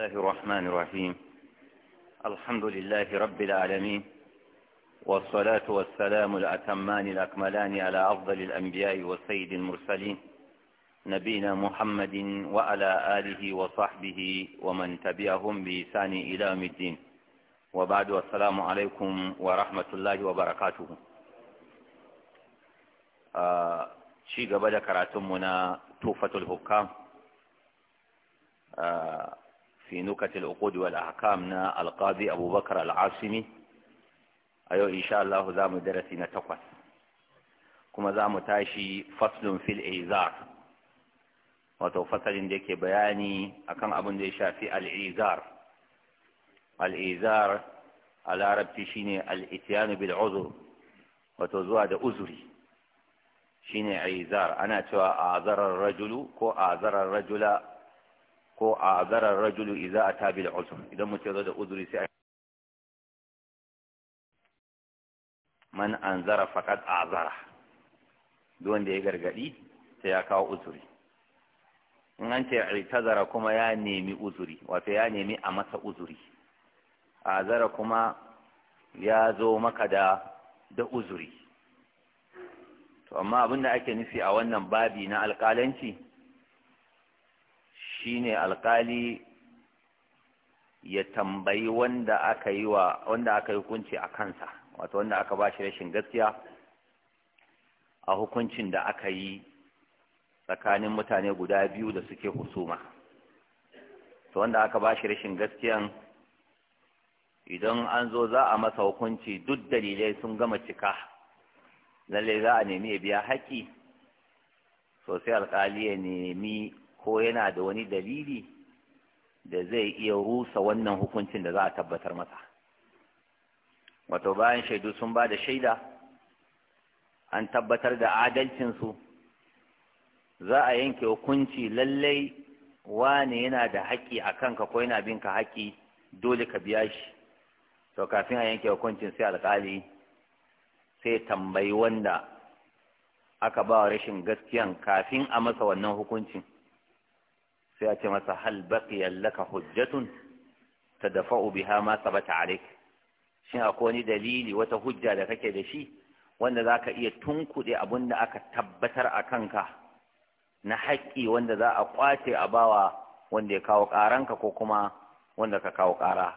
الله الرحمن الرحيم الحمد لله رب العالمين والصلاة والسلام الأتمان الأكملان على أفضل الأنبياء والسيد المرسلين نبينا محمد وعلى آله وصحبه ومن تبعهم بإسان إلى يوم الدين وبعد والسلام عليكم ورحمة الله وبركاته آه، شيء قبل كراتمنا توفة الحكام آه، في نكت العقود والأحكام نا القاضي أبو بكر العاصمي أيو إن شاء الله زام درسنا تقوس كما زام تاشي فصل في الإيزار wato fasalin da yake bayani akan abin da ya shafi al'izar al'izar a larabci shine al'itiyanu bil uzur wato zuwa da uzuri shine izar ana cewa azarar rajulu ko azarar rajula ko a zarar rajulu a tabi da uzr idan mutum ya da uzuri sai man anzara a azara don da ya gargaɗi sai ya kawo uzuri in an ce tazara kuma ya nemi uzuri wata ya nemi a masa uzuri azara kuma ya zo maka da da uzuri to amma abinda ake nufi a wannan babi na alkalanci. shine alkali ya tambayi wanda aka yi wa wanda aka yi hukunci a kansa wato wanda aka ba shi rashin gaskiya a hukuncin da aka yi tsakanin mutane guda biyu da suke husuma to wanda aka ba shi rashin gaskiyan idan an zo za a masa hukunci duk dalilai sun gama cika lallai za a nemi ya biya haƙƙi sosai alƙali ya nemi ko yana da wani dalili da zai iya rusa wannan hukuncin da za a tabbatar masa wato bayan shaidu sun ba da shaida an tabbatar da adalcinsu za a yanke hukunci lallai wane yana da haƙƙi a kanka ko yana bin ka haƙƙi dole ka biya shi to kafin a yanke hukuncin sai alƙali sai tambayi wanda aka ba wa rashin gaskiyan kafin a masa wannan hukuncin sai a ce masa hal baqiya yallaka hujjatun dafa biha ma sabata alayk shin akwai wani dalili wata hujja da kake da shi wanda zaka iya tunkuɗe abin da aka tabbatar a kanka na haƙƙi wanda za a kwace a bawa wanda ya kawo ƙaranka ko kuma wanda ka kawo ƙara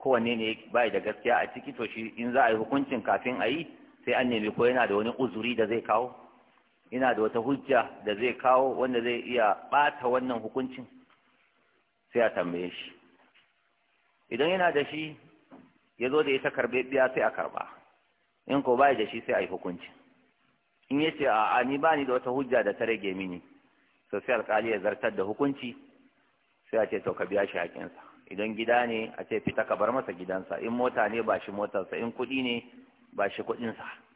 kowanne ne bai da gaskiya a ciki to shi in za a yi hukuncin kafin a yi sai an nemi ko yana da wani uzuri da zai kawo ina da wata hujja da zai kawo wanda zai iya ɓata wannan hukuncin sai a tambaye shi idan yana da shi ya zo da ita karɓe biya sai a karɓa in ko bai da shi sai a yi hukunci in ya ce a ni ba ni da wata hujja da ta rage mini to sai alƙali ya zartar da hukunci sai a ce to ka biya shi haƙinsa idan gida ne a ce fita ka bar masa gidansa in mota ne ba shi motarsa in kuɗi ne ba shi kuɗinsa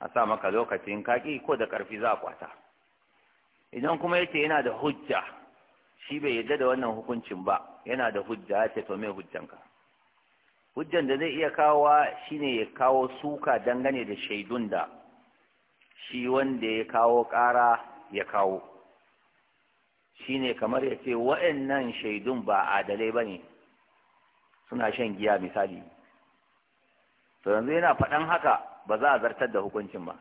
a sa maka lokacin kaki ko da ƙarfi za a kwata idan kuma yace yana da hujja shi bai yadda da wannan hukuncin ba yana da hujja ya ce to me hujjanka hujjan da zai iya kawowa shine ya kawo suka dangane da shaidun da shi wanda ya kawo ƙara ya kawo shine kamar ya ce wa'annan shaidun ba a adalai ba ne suna shan giya misali to yanzu yana faɗan haka ba za a zartar da hukuncin ba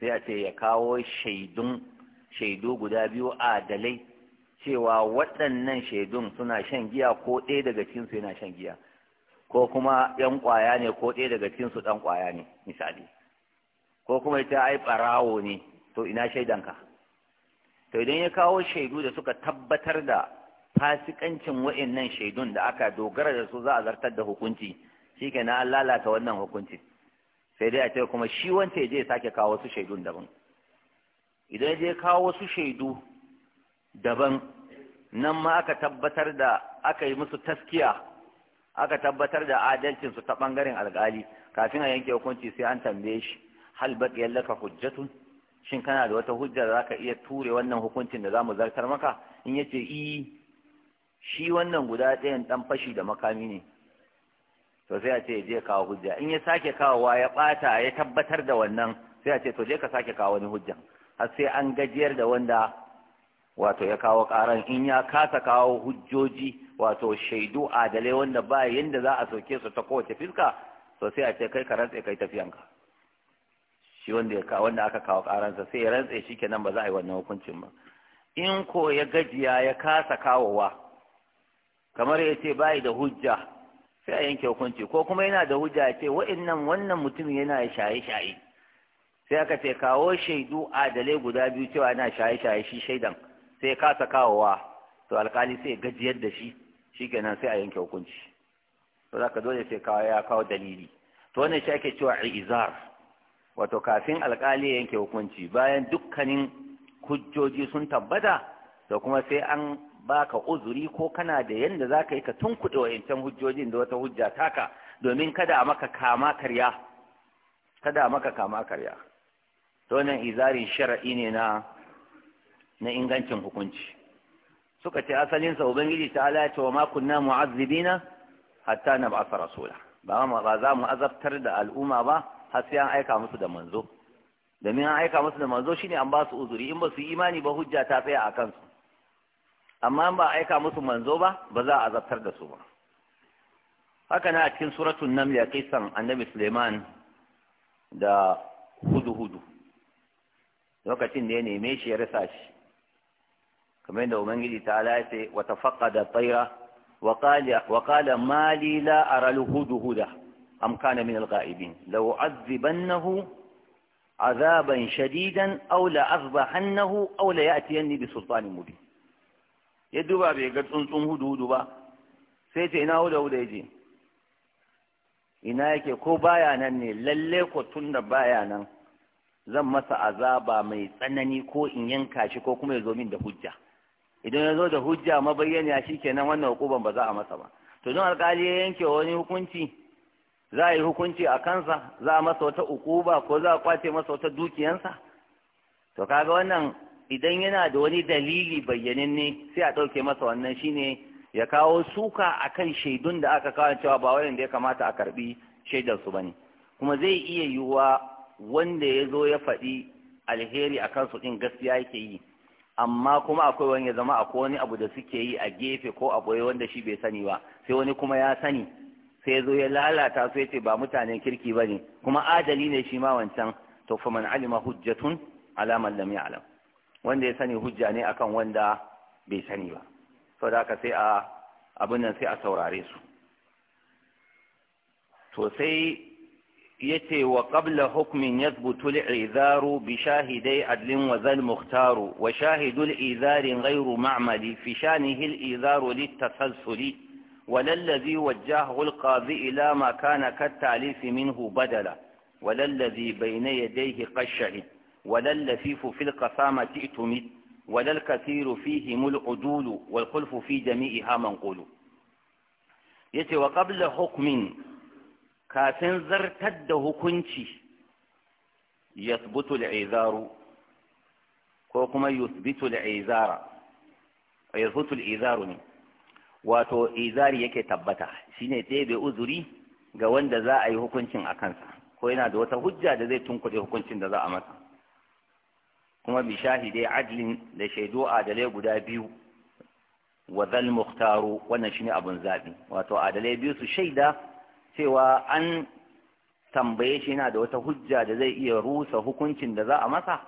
sai a ce ya kawo shaidun shaidu guda biyu adalai cewa waɗannan shaidun suna shan giya ko ɗaya daga cikinsu yana shan giya ko kuma ‘yan ƙwaya ne ko ɗaya daga cikinsu ɗan ƙwaya ne misali ko kuma ita ai ɓarawo ne to ina shaidanka to idan ya kawo shaidu da suka tabbatar da fasikancin nan shaidun da aka dogara da su za a zartar da hukunci shi kenan an lalata wannan hukuncin sai dai a ce kuma shi wance je sake kawo wasu shaidu daban idan je kawo wasu shaidu daban nan ma aka tabbatar da aka yi musu taskiya aka tabbatar da adalcin su ta bangaren alkali kafin a yanke hukunci sai an tambaye shi hal baqiya laka hujjatun shin kana da wata hujja da zaka iya ture wannan hukuncin da zamu zartar maka in yace i shi wannan guda ɗayan ɗan fashi da makami ne to sai a ce je kawo hujja in ya sake kawowa ya bata ya tabbatar da wannan sai a ce to je ka sake kawo wani hujja har sai an gajiyar da wanda wato ya kawo karan in ya kasa kawo hujjoji wato shaidu adalai wanda ba yanda za a soke su ta kowace fiska to sai a ce kai ka rantse kai tafiyanka shi wanda ya wanda aka kawo karansa sai ya rantse shi kenan ba za a yi wannan hukuncin ba in ko ya gajiya ya kasa kawowa kamar ya ce da hujja sai a yanke hukunci ko kuma yana da hujja ce wa'annan wannan mutumin yana shaye-shaye sai aka ce kawo shaidu a adalai guda biyu cewa yana shaye-shaye shi shaidan sai kasa kawowa to alkali sai gajiyar da shi shikenan sai a yanke hukunci to zaka dole sai kawo ya kawo dalili to wannan shi ake cewa izar wato kafin alkali ya yanke hukunci bayan dukkanin hujjoji sun tabbata To kuma sai an baka uzuri ko kana da yanda za ka yi ka tunkuɗe wa'incan hujjojin da wata hujja taka domin kada a maka kama karya kada a maka kama karya to nan izarin shara'i ne na na ingancin hukunci suka ce asalinsa ubangiji ta ala ce wa ma kunna mu'azzibina hatta na a rasula ba ba za mu azabtar da al'umma ba har sai an aika musu da manzo domin an aika musu da manzo shine an ba su uzuri in ba su imani ba hujja ta tsaya a kansu amma ba aika musu manzo ba ba za a azabtar da su ba haka na a cikin suratun naml ya san annabi suleiman da hudu-hudu lokacin da ya neme shi ya rasa shi kamar da ubangiji ta alaye wata faƙa da tsaira wa ƙala mali la aral hudu-huda am kana min alga'ibin lau azibannahu azaban shadidan aw la azbahannahu aw la ya'tiyanni bi sultanin mubin ya duba bai ga tsuntsun hudu hudu ba sai ce ina huda huda je ina yake ko baya nan ne lalle ko tunda baya nan zan masa azaba mai tsanani ko in yanka shi ko kuma ya zo min da hujja idan ya zo da hujja mabayyana kenan wannan hukuban ba za a masa ba to don alkali ya yanke wani hukunci za a yi hukunci a kansa za a masa wata ukuba ko za a kwace masa wata dukiyansa to kaga wannan idan yana da wani dalili bayyananne sai a ɗauke masa wannan shine ya kawo suka a kan shaidun da aka kawo cewa ba wani da ya kamata a karɓi shaidarsu ba ne kuma zai iya yiwuwa wanda ya zo ya faɗi alheri a kansu ɗin gaskiya yake yi amma kuma akwai wani ya zama akwai wani abu da suke yi a gefe ko a ɓoye wanda shi bai sani ba sai wani kuma ya sani sai ya zo ya lalata su yace ba mutanen kirki ba ne kuma adali ne shi ma wancan to fa man alima hujjatun ala man lam ya'lam wanda ya sani hujja ne akan wanda bai sani ba da haka sai a abin nan sai a saurare su to sai yace wa qabla hukmin yathbutu al-i'zaru bi shahidai adlin wa zal mukhtaru wa shahidu al-i'zari ghayru ma'mali fi shanihi al-i'zaru litasalsuli ولا الذي وجهه ila إلى ما كان كالتعليف منه بدلا ولا الذي بين يديه قد شهد Walal اللفيف في القسامة ائتمد ولا الكثير فيهم العدول والخلف في جميعها منقول yace wa qabla hukmin kafin zartar da hukunci yasbutu al-izaru ko kuma yusbitu al izaru ne wato izari yake tabbata shine ɗebe uzuri ga wanda za a yi hukuncin a kansa ko yana da wata hujja da zai tunkuɗe hukuncin da za a masa kuma bi shahidai adlin da shaidu adalai guda biyu wa zal muhtaru wannan shine abun zabi wato adalai biyu su shaida cewa an tambaye shi yana da wata hujja da zai iya rusa hukuncin da za a masa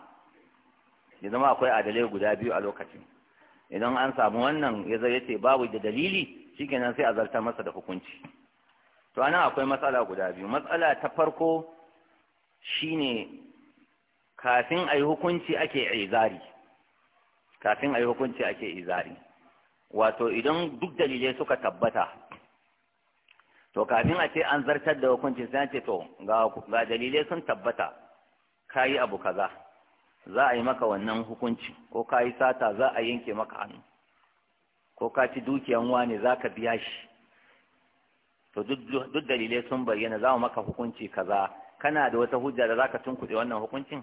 ya zama akwai adalai guda biyu a lokacin idan an samu wannan ya zai yace babu da dalili shikenan sai a zarta masa da hukunci to anan akwai matsala guda biyu matsala ta farko shine kafin a yi hukunci ake izari kafin a yi hukunci ake izari wato idan duk dalilai suka tabbata to kafin a ce an zartar da hukuncin sai ce to ga dalilai sun tabbata ka yi abu kaza za a yi maka wannan hukunci ko ka yi sata za a yanke maka hannu ko ka ci dukiyan wani za ka biya shi to duk dalilai sun bayyana za mu maka hukunci kaza kana da wata hujja da za ka tunkuɗe wannan hukuncin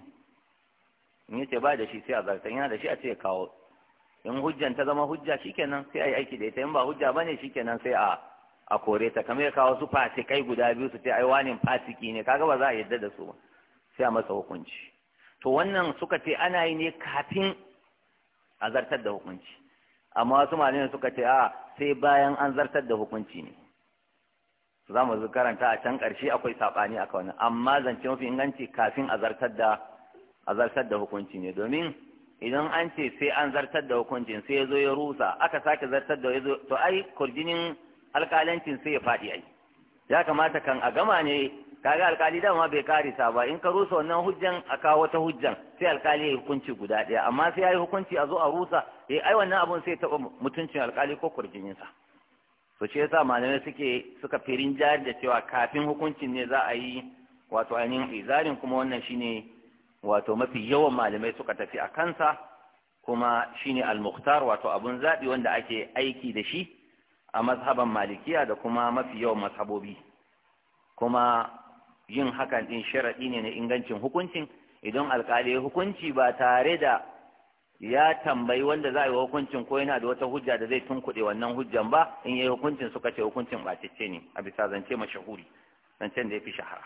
in yace ba da shi sai a zartan yana da shi a ce kawo in hujjan ta zama hujja shikenan sai ai aiki da ita in ba hujja bane shikenan sai a a kore ta kamar ya kawo su fasikai guda biyu su ce ai wani fasiki ne kaga ba za a yarda da su ba sai a masa hukunci to wannan suka ce ana yi ne kafin a zartar da hukunci amma wasu malamai suka ce a sai bayan an zartar da hukunci ne za mu karanta a can ƙarshe akwai saɓani a wannan amma zance mafi inganci kafin a zartar da a zartar da hukunci ne domin idan an ce sai an zartar da hukuncin sai ya zo ya rusa aka sake zartar da ya zo to ai kurjinin alkalancin sai ya faɗi ai ya kamata kan a gama ne kaga alkali dama bai karisa ba in ka rusa wannan hujjan a kawo wata hujjan sai alkali ya yi hukunci guda ɗaya amma sai ya yi hukunci a zo a rusa eh ai wannan abun sai taɓa mutuncin alkali ko kurjininsa to shi yasa malamai suke suka firin jari da cewa kafin hukuncin ne za a yi wato ainihin izarin kuma wannan shine wato mafi yawan malamai suka tafi a kansa kuma shine al-mukhtar wato abun zabi wanda ake aiki da shi a mazhaban malikiya da kuma mafi yawan mazhabobi kuma yin hakan din sharadi ne na ingancin hukuncin idan alkali hukunci ba tare da ya tambayi wanda za a yi hukuncin ko yana da wata hujja da zai tunkuɗe wannan hujjan ba in yi hukuncin suka ce hukuncin ɓacicce ne a bisa zance mashahuri zancen da ya fi shahara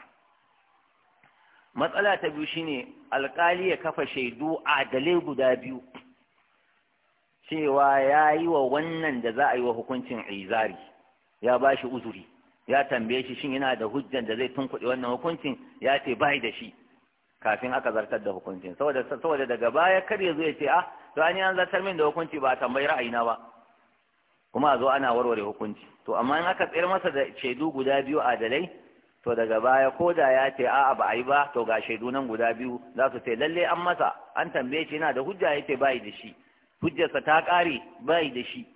matsala ta biyu shine alkali ya kafa shaidu adalai guda biyu cewa ya yi wa wannan da za a yi wa hukuncin izari ya ba shi uzuri ya tambaye shi shin yana da hujjan da zai tunkuɗe wannan hukuncin ya ce bai da shi kafin aka zartar da hukuncin saboda daga baya kar ya zo ya ce ah to an an zartar min da hukunci ba a tambayi ra'ayina ba kuma a zo ana warware hukunci to amma in aka tsayar masa da shaidu guda biyu adalai to daga baya ko da ya ce a'a ba a yi ba to ga shaidu nan guda biyu za su ce lalle an masa an tambaye shi yana da hujja ya ce bai da shi hujjarsa ta ƙare bai da shi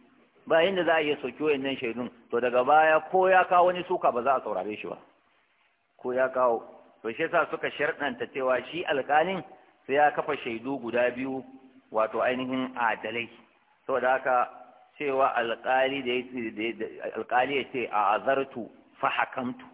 ba yadda za a iya soki wayannan shaidun to daga baya ko ya kawo wani suka ba za a saurare shi ba ko ya kawo to shi yasa suka sharɗanta cewa shi alƙalin sai ya kafa shaidu guda biyu wato ainihin adalai saboda haka cewa alƙali da ya ce a azartu fa hakamtu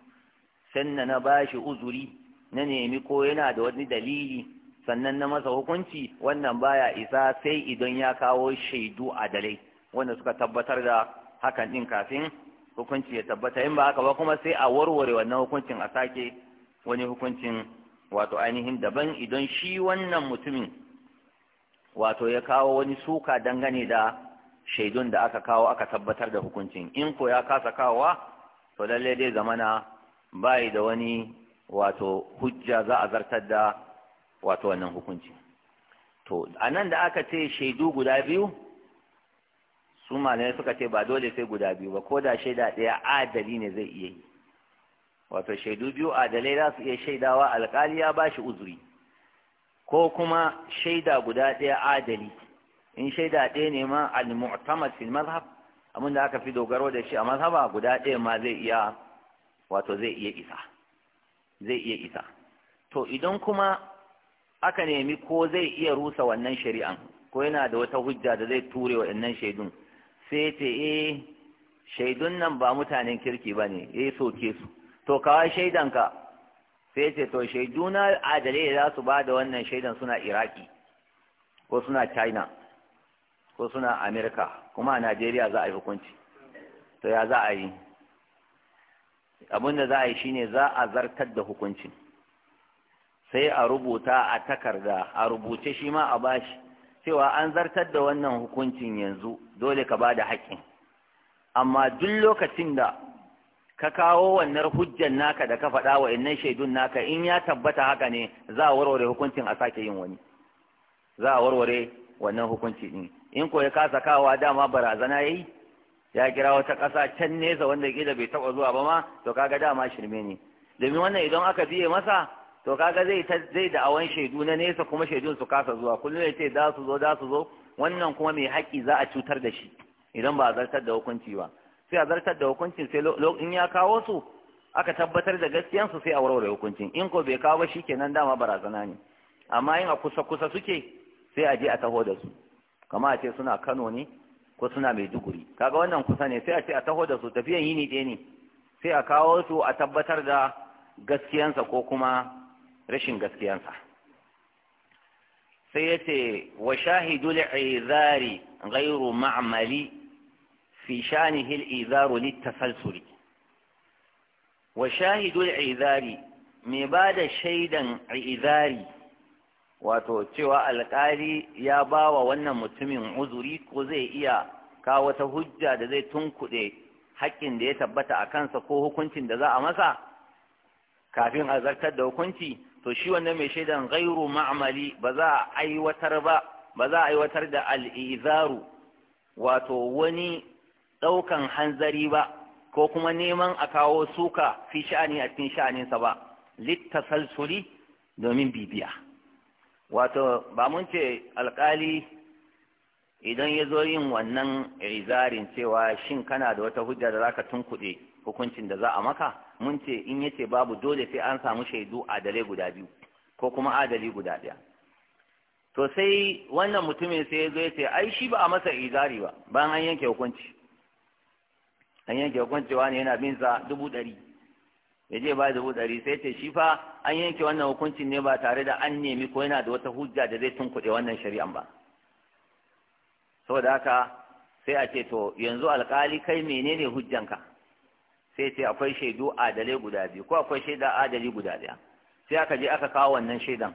sannan na bashi uzuri na nemi ko yana da wani dalili sannan na masa hukunci wannan baya isa sai idan ya kawo shaidu a adalai wanda suka tabbatar da hakan din kafin hukunci ya tabbata in ba haka ba kuma sai a warware wannan hukuncin a sake wani hukuncin wato ainihin daban idan shi wannan mutumin wato ya kawo wani suka dangane da shaidun da aka kawo aka tabbatar da hukuncin in ko ya kasa kawowa to lallai dai zamana bai da wani wato hujja za a zartar da wato wannan hukunci to a nan da aka ce shaidu guda biyu su malamai suka ce ba dole sai guda biyu ba ko da shaida ɗaya adali ne zai iya yi wato shaidu biyu adalai za su iya shaidawa alkali ya ba shi uzuri ko kuma shaida guda ɗaya adali in shaida ɗaya ne ma al-mu'tamad fil mazhab amma da aka fi dogaro da shi a mazhaba guda ɗaya ma zai iya wato zai iya isa zai iya isa to idan kuma aka nemi ko zai iya rusa wannan shari'an ko yana da wata hujja da zai ture wa wa'annan shaidun sai ce e shaidun nan ba mutanen kirki ba ne eh soke su to kawai shaidanka sai ce to shaiduna adalai za su ba da wannan shaidan suna iraki ko suna china ko suna amerika kuma a najeriya za a yi hukunci to ya za a yi abin da za a yi shine za a zartar da hukuncin sai a rubuta a takarda a rubuce shi ma a bashi cewa an zartar da wannan hukuncin yanzu dole ka ba da haƙƙin amma duk lokacin da ka kawo wannan hujjar naka da ka faɗa wa innan shaidun naka in ya tabbata haka ne za a warware hukuncin a sake yin wani za a warware wannan hukunci ɗin in ko ya kasa kawa dama barazana yayi ya kira wata ƙasa can nesa wanda gida bai taɓa zuwa ba ma to kaga dama shirme ne domin wannan idan aka biye masa to kaga zai zai da awan shaidu na nesa kuma shaidun su kasa zuwa kullum ya ce za su zo za su zo wannan kuma mai haƙƙi za a cutar da shi idan ba a zartar da hukunci ba sai a zartar da hukuncin sai in ya kawo su aka tabbatar da gaskiyansu sai a warware hukuncin in ko bai kawo ba kenan dama barazana ne amma in a kusa kusa suke sai a je a taho da su kama a ce suna Kano ne ko suna mai duguri kaga wannan kusa ne sai a ce a taho da su tafiyan yini ɗaya ne sai a kawo su a tabbatar da gaskiyansa ko kuma rashin gaskiyansa sai ya ce wa shahidu izari ghairu ma'mali fi shanihi al-izaru litasalsuli wa shahidu izari mai ba da shaidan izari wato cewa alkali ya ba wa wannan mutumin uzuri ko zai iya kawo wata hujja da zai tunkuɗe haƙƙin da ya tabbata a kansa ko hukuncin da za a masa kafin a zartar da hukunci to shi wannan mai shaidan gairu ma'amali ba za a aiwatar ba ba za a aiwatar da al'izaru wato wani ɗaukan hanzari ba ko kuma neman a kawo suka fi sha'ani a cikin sha'aninsa ba littasalsuli domin bibiya wato ba mun ce alkali idan ya zo yin wannan rizarin cewa shin kana da wata hujja da zaka tunkuɗe hukuncin da za a maka mun ce in ya ce babu dole sai an samu shaidu adalai guda biyu ko kuma adali guda ɗaya to sai wannan mutumin sai ya zo ya ce ai shi ba a masa izari ba bayan an yanke hukunci an yanke hukunci wani yana bin dubu ɗari ya je ba dubu ɗari sai ce shi fa an yanke wannan hukuncin ne ba tare da an nemi ko yana da wata hujja da zai tunkuɗe wannan shari'an ba saboda haka sai a ce to yanzu alkali kai menene hujjanka sai ce akwai shaidu adalai guda biyu ko akwai shaida adali guda ɗaya sai aka je aka kawo wannan shaidan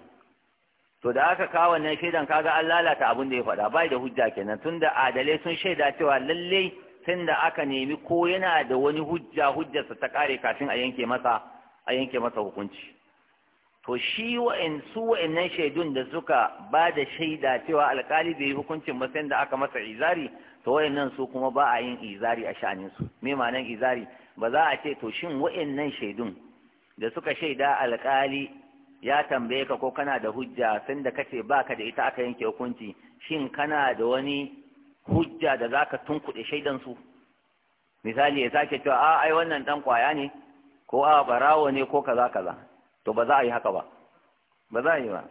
to da aka kawo wannan shaidan kaga an lalata abin da ya faɗa bai da hujja kenan tunda adalai sun shaida cewa lallai da aka nemi ko yana da wani hujja hujjarsa ta kare kafin a yanke masa a yanke masa hukunci to shi wa'in su wa'annan shaidun da suka ba da shaida cewa alkali bai yi hukuncin ba sai da aka masa izari to nan su kuma ba a yin izari a sha'anin su me ma'anar izari ba za a ce to shin nan shaidun da suka shaida alkali ya tambaye ka ko kana da hujja sanda da kace baka da ita aka yanke hukunci shin kana da wani hujja da zaka tunkuɗe shaidan su misali ya sake cewa a ai wannan dan kwaya ne ko a barawo ne ko kaza kaza to ba za a yi haka ba ba za a yi ba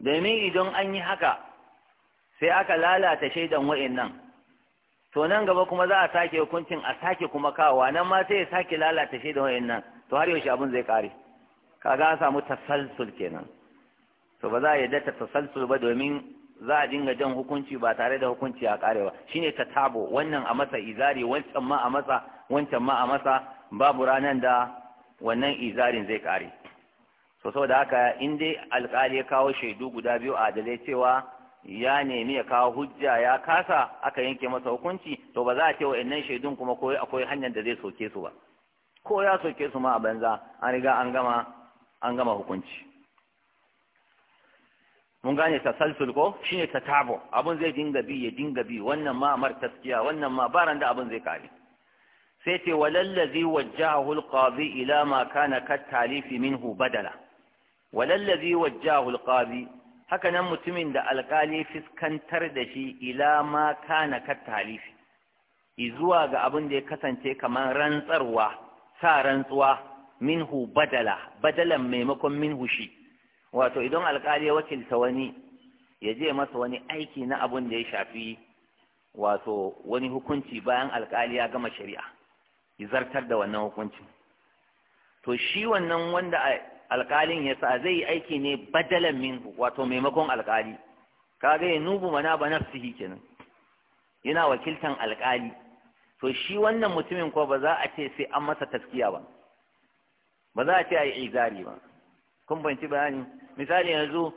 domin idan an yi haka sai aka lalata shaidan wa'annan to nan gaba kuma za a sake hukuncin a sake kuma kawa nan ma sai ya sake lalata shaidan wa'annan to har yaushe abin zai kare kaga an samu tasalsul kenan to ba za a yarda ta tasalsul ba domin za a dinga jan hukunci ba tare da hukunci a kare ba shine ta tabo wannan a masa izari wancan ma a masa wancan ma a masa babu ranar da wannan izarin zai kare so saboda haka in dai alkali ya kawo shaidu guda biyu a adalai cewa ya nemi ya kawo hujja ya kasa aka yanke masa hukunci to ba za a ce wa'annan shaidun kuma ko akwai hanyar da zai soke su ba ko ya soke su ma a banza an riga an gama hukunci mun gane tasalsul ko shine tabo abun zai dinga bi ya dinga bi wannan ma mar taskiya wannan ma ba da abun zai kare sai ce walallazi wajjahu alqazi ila ma kana katalifi minhu badala walallazi wajjahu alqazi haka nan mutumin da alkali fiskantar da shi ila ma kana katalifi izuwa ga abin da ya kasance kamar rantsarwa sa rantsuwa minhu badala badalan maimakon minhu shi wato idan alkali ya wakilta wani ya je masa wani aiki na abun da ya shafi wato wani hukunci bayan alkali ya gama shari'a ya zartar da wannan hukuncin to shi wannan wanda alkalin ya sa zai yi aiki ne badalan min wato maimakon alkali kaga ya nubu mana ba nafsihi kenan yana wakiltan alkali to shi wannan mutumin ko ba za a ce sai an masa taskiya ba ba za a ce a yi izari ba kun banci bayani misali yanzu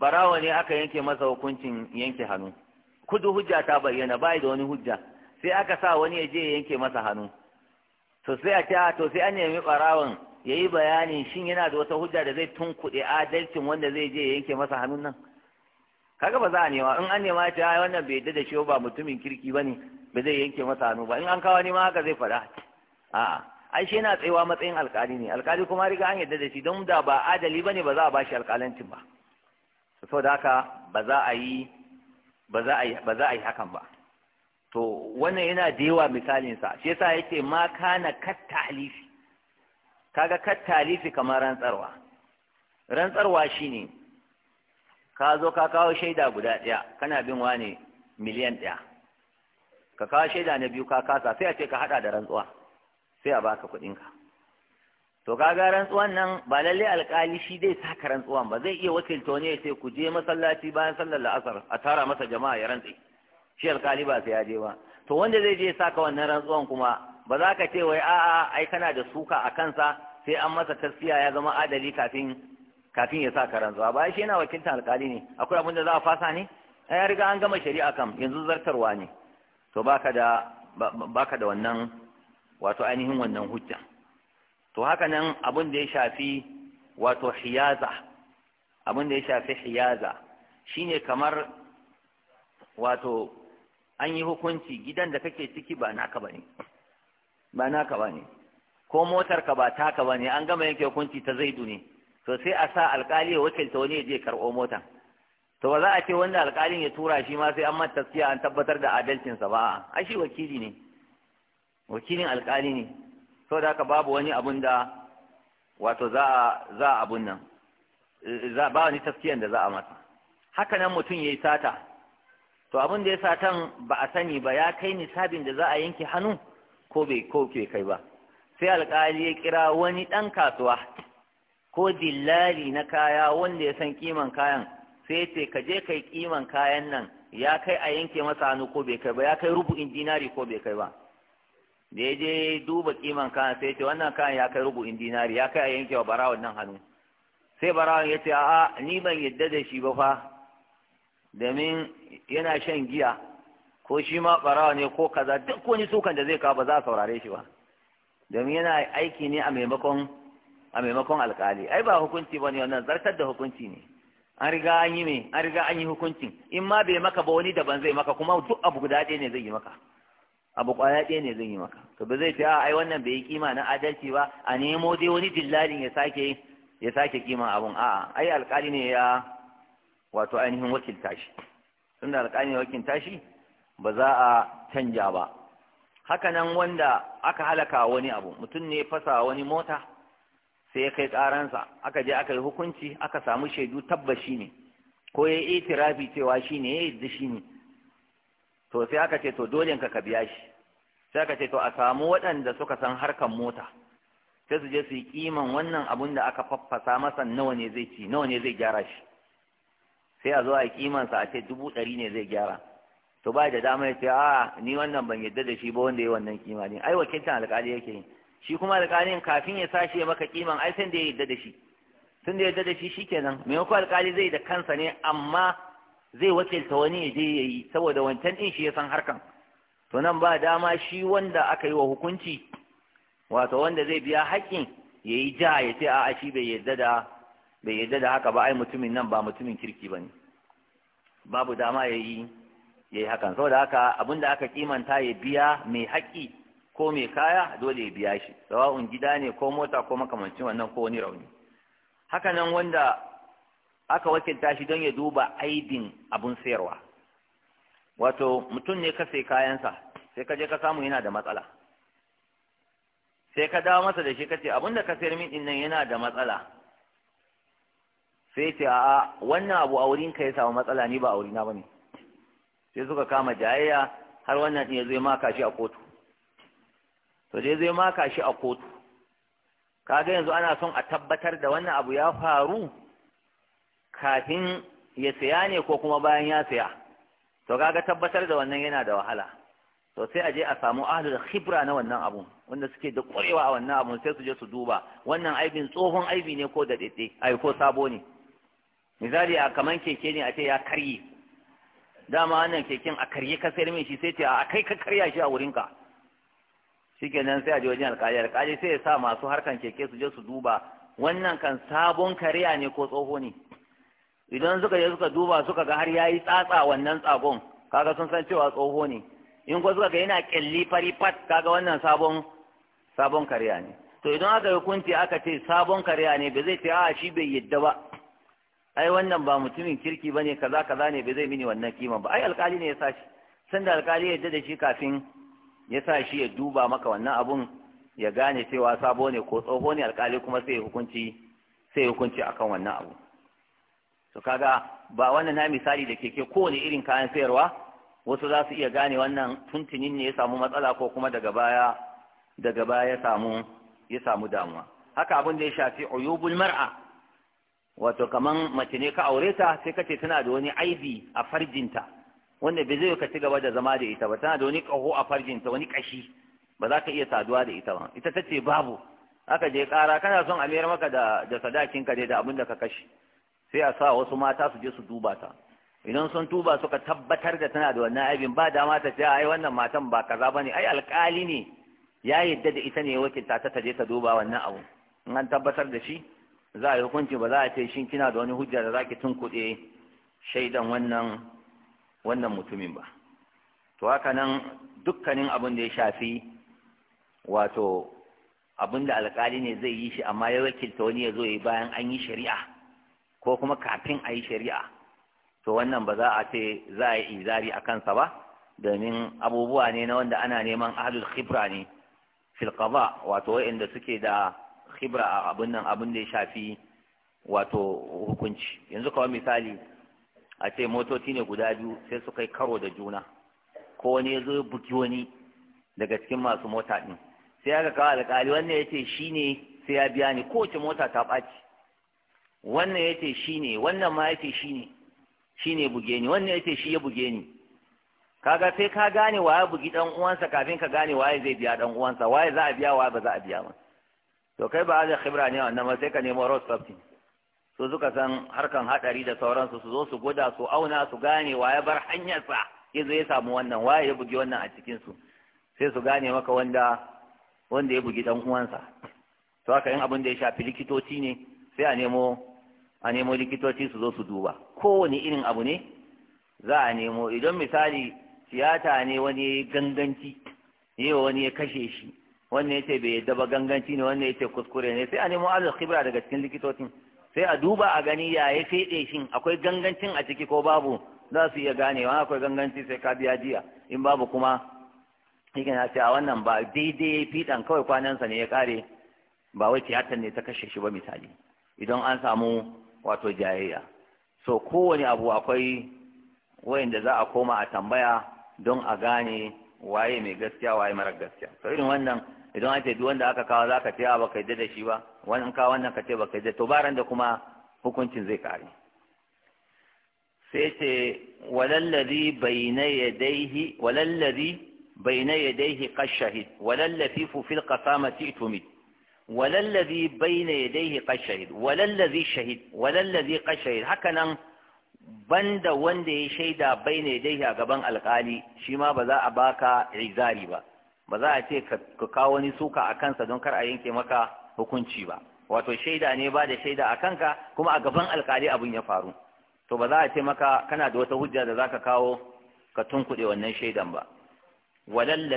barawa ne aka yanke masa hukuncin yanke hannu kudu hujja ta bayyana bai da wani hujja sai aka sa wani ya je ya yanke masa hannu to sai a ce ah, to sai an nemi barawan ya yi bayani shin yana da wata hujja da zai tunkuɗe adalcin wanda zai je ya yanke masa hannun nan kaga ba za a nema in an nema ce ai wannan bai yadda da shi ba mutumin kirki ba ne ba zai yanke masa hannu ba in an kawo nema haka zai faɗa a'a ai shi yana tsayawa matsayin alkali ne alkali kuma riga an yadda da shi don da ba adali ba ne ba za a ba shi alkalancin ba so da haka ba za a yi ba za a ba za a yi hakan ba to wannan yana da yawa misalin sa shi yasa yake ma kana talifi kaga talifi kamar rantsarwa rantsarwa shine ka zo ka kawo shaida guda daya kana bin wane miliyan ɗaya ka kawo shaida na biyu ka kasa sai a ce ka haɗa da rantsuwa sai a baka kuɗinka to kaga rantsuwan nan ba lalle alkali shi zai saka rantsuwan ba zai iya wakilta wani ya ce ku je masallaci bayan sallar la'asar a tara masa jama'a ya rantse shi alkali ba sai ya je ba to wanda zai je saka wannan rantsuwan kuma ba za ka ce wai a'a ai kana da suka a kansa sai an masa tasfiya ya zama adali kafin kafin ya saka rantsuwa ba shi yana wakiltar alkali ne akwai abin da za a fasa ne ya riga an gama shari'a kam yanzu zartarwa ne to baka da baka da wannan wato ainihin wannan hujja to haka nan abin da ya shafi wato hiyaza abin da ya shafi hiyaza shine kamar wato an yi hukunci gidan da kake ciki ba naka bane ba naka bane ko motar ka ba taka bane an gama yanke hukunci ta zaidu ne to sai a sa alkali ya wakilta wani ya je karɓo mota to ba za a ce wanda alkalin ya tura shi ma sai an mata tafiya an tabbatar da adalcinsa ba a shi wakili ne wakilin alkali ne da haka babu wani abun da wato za a abun nan za ba wani tafiyan da za a masa hakanan mutum ya yi sata to abun da ya satan ba a sani ba ya kai nisabin da za a yanke hannu ko bai kai ba sai alkali ya kira wani ɗan kasuwa ko dillali na kaya wanda ya san kiman kayan sai ya ce ka je kai kiman kayan nan ya kai a yanke masa hannu ko bai kai ba ya kai rubu'in dinari ko bai kai ba da ya je duba kiman ka sai ce wannan kayan ya kai rubu'in dinari ya kai a yanke wa barawan nan hannu sai barawan ya ce a'a ni ban yadda da shi ba fa domin yana shan giya ko shi ma barawa ne ko kaza duk wani sukan da zai kawo ba za a saurare shi ba domin yana aiki ne a maimakon a maimakon alkali ai ba hukunci ba ne wannan zartar da hukunci ne an riga an yi me an riga an yi hukuncin in ma bai maka ba wani daban zai maka kuma duk abu guda ɗaya ne zai yi maka abu kwaya ɗaya ne zan yi maka to ba zai ce a ai wannan bai yi kima na adalci ba a nemo dai wani dillalin ya sake ya sake kima abun a'a ai alƙali ne ya wato ainihin wakilta shi tunda alƙali ne wakilta shi ba za a canja ba haka nan wanda aka halaka wani abu mutum ne fasa wani mota sai ya kai ƙaransa aka je aka yi hukunci aka samu shaidu tabbashi ne ko ya yi itirafi cewa shi ne ya yi shi ne to sai aka ce to dole ka biya shi sai aka ce to a samu waɗanda suka san harkan mota sai su je su yi kiman wannan abun da aka faffasa masa nawa ne zai ci nawa ne zai gyara shi sai a zo a yi kimansa a ce dubu ɗari ne zai gyara to ba da dama ya ce a ni wannan ban yadda da shi ba wanda ya wannan kima ne ai wakiltan alƙali yake yi shi kuma alƙalin kafin ya sashi ya maka kiman ai sai da ya yadda da shi tun da ya yadda da shi shikenan maimakon alƙali zai da kansa ne amma zai wakilta wani ya je ya yi saboda wancan din shi ya san harkan to nan ba dama shi wanda aka yi wa hukunci wato wanda zai biya haƙƙin ya yi ja ya ce a'a shi bai yarda da bai yarda da haka ba ai mutumin nan ba mutumin kirki ba ne. babu dama ya yi ya yi hakan saboda haka da aka kimanta ya biya mai haƙƙi ko mai kaya dole ya biya shi sawa'un gida ne ko mota ko makamancin wannan ko wani rauni haka nan wanda aka wakilta shi don ya duba aidin abun sayarwa wato mutum ne ka sai kayansa sai ka je ka samu yana da matsala sai ka dawo masa da shi ka ce abun da ka sayar min din nan yana da matsala sai ce a'a wannan abu a wurin ka ya samu matsala ni ba a wurina ne. sai suka kama jayayya har wannan ɗin ya zo maka shi a kotu to dai zai maka shi a kotu kaga yanzu ana son a tabbatar da wannan abu ya faru kafin ya saya ne ko kuma bayan ya saya to kaga tabbatar da wannan yana da wahala to sai a je a samu ahlul khibra na wannan abun wanda suke da ƙwarewa a wannan abun sai su je su duba wannan aibin tsohon aibi ne ko da dede ai ko sabo ne misali a kaman keke ne a ce ya karye dama wannan keken a karye ka sayar min shi sai ce a kai ka karya shi a wurin ka shikenan sai a je wajen alƙali alƙali sai ya sa masu harkan keke su je su duba wannan kan sabon kariya ne ko tsoho ne idan suka je suka duba suka ga har ya yi tsatsa wannan tsagon kaga sun san cewa tsoho ne in ko suka ga yana kyalli fari fat kaga wannan sabon sabon karya ne to idan aka yi hukunci aka ce sabon kariya ne ba zai ce a shi bai yadda ba ai wannan ba mutumin kirki ba ne kaza kaza ne bai zai mini wannan kima ba ai alkali ne ya sa shi sanda alkali ya yadda da shi kafin ya sa shi ya duba maka wannan abun ya gane cewa sabo ne ko tsoho ne alkali kuma sai hukunci sai hukunci akan wannan abu to kaga ba wannan na misali da keke kowane irin kayan sayarwa wasu za su iya gane wannan tuntunin ne ya samu matsala ko kuma daga baya daga baya ya samu ya samu damuwa haka abin da ya shafi uyubul mar'a wato kaman mace ne ka aure ta sai kace tana da wani aibi a farjinta wanda bai zai ka ci gaba da zama da ita ba tana da wani kaho a farjinta wani kashi ba za ka iya saduwa da ita ba ita tace babu aka je kara kana son a mayar maka da da sadakin ka da abin da ka kashe sai a sa wasu mata su je su duba ta idan sun tuba suka tabbatar da tana da wannan aibin ba dama ta ce ai wannan matan ba kaza bane ai alkali ne ya yadda da ita ne wakilta ta taje ta duba wannan abu in an tabbatar da shi za a yi hukunci ba za a ce shin kina da wani hujja da zaki tunkuɗe shaidan wannan wannan mutumin ba to haka nan dukkanin abin da ya shafi wato abin da alkali ne zai yi shi amma ya wakilta wani ya zo yi bayan an yi shari'a ko kuma kafin a yi shari'a to wannan ba za a ce za a yi izari a kansa ba domin abubuwa ne na wanda ana neman ahlul khibra ne fil wato wa'anda suke da khibra a abun nan abun da ya shafi wato hukunci yanzu kawai misali a ce motoci ne guda biyu sai su kai karo da juna ko wani ya zo buki wani daga cikin masu mota ɗin sai aka kawo alƙali wannan ya ce shi ne sai ya biya ni kowace mota ta ɓaci wannan yace shi ne wannan ma yace shi ne shi ne buge ni wannan yace shi ya buge ni kaga sai ka gane wa bugi dan uwansa kafin ka gane waye zai biya dan uwansa waye za a biya waye ba za a biya ba to kai ba da khibra ne wannan ma sai ka nemo road safety su suka san harkan hadari da sauransu su zo su gwada su auna su gane wa ya bar hanyarsa ya ya samu wannan waye ya bugi wannan a cikin su sai su gane maka wanda wanda ya bugi dan uwansa to haka yin abin da ya shafi likitoci ne sai a nemo a nemo likitoci su zo su duba kowane irin abu ne za a nemo idan misali tiyata ne wani ganganci ne wani ya kashe shi wannan ya ce bai yadda ba ganganci ne wannan ya ce kuskure ne sai a nemo azal khibra daga cikin likitocin sai a duba a gani ya ya fede shin akwai gangancin a ciki ko babu za su iya ganewa akwai ganganci sai ka biya jiya in babu kuma shi na ce a wannan ba daidai ya fiɗan kawai kwanansa ne ya kare ba wai tiyatar ne ta kashe shi ba misali idan an samu wato jayayya so kowane abu akwai wayanda za a koma a tambaya don a gane waye mai gaskiya waye marar gaskiya to irin wannan idan an ce duk wanda aka kawo za ka ce a ah, baka yadda da shi ba wannan ka wannan ka ce baka yadda to baran da kuma hukuncin zai kare sai ce walallazi bayna yadayhi walallazi bayna yadayhi qashahid walallafi fil qasamati tumit walallazi bayna yadayhi qad shahid walallazi shahid walallazi qad shahid haka nan banda wanda ya shaida ya yadayhi a gaban alkali shi ma ba za a baka zari ba ba za a ce ka kawo wani suka a kansa don kar a yanke maka hukunci ba wato shaida ne ba da shaida a kanka kuma a gaban alkali abin ya faru to ba za a ce maka kana da wata hujja da za ka kawo ka tunkuɗe wannan shaidan ba walal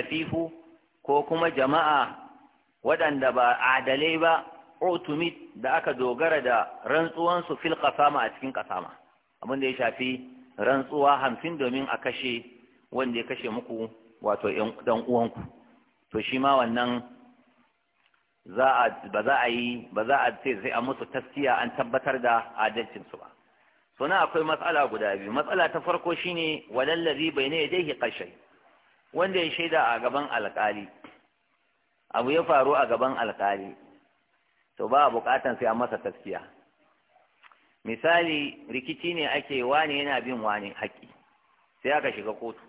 ko kuma jama'a waɗanda ba Adale ba otumit da aka dogara da rantsuwansu fil kasama a cikin kasama abin da ya shafi rantsuwa hamsin domin a kashe wanda ya kashe muku wato ɗan uwanku to shi ma wannan ba za a yi ba za a ce sai a musu taskiya an tabbatar da adalcinsu ba suna akwai matsala guda biyu matsala ta farko shine walallazi bai ne yadaihi qashai wanda ya shaida a gaban alkali abu ya faru a gaban alkali to ba a bukatan sai an masa taskiya misali rikici ne ake wani yana bin wani haƙƙi sai aka shiga kotu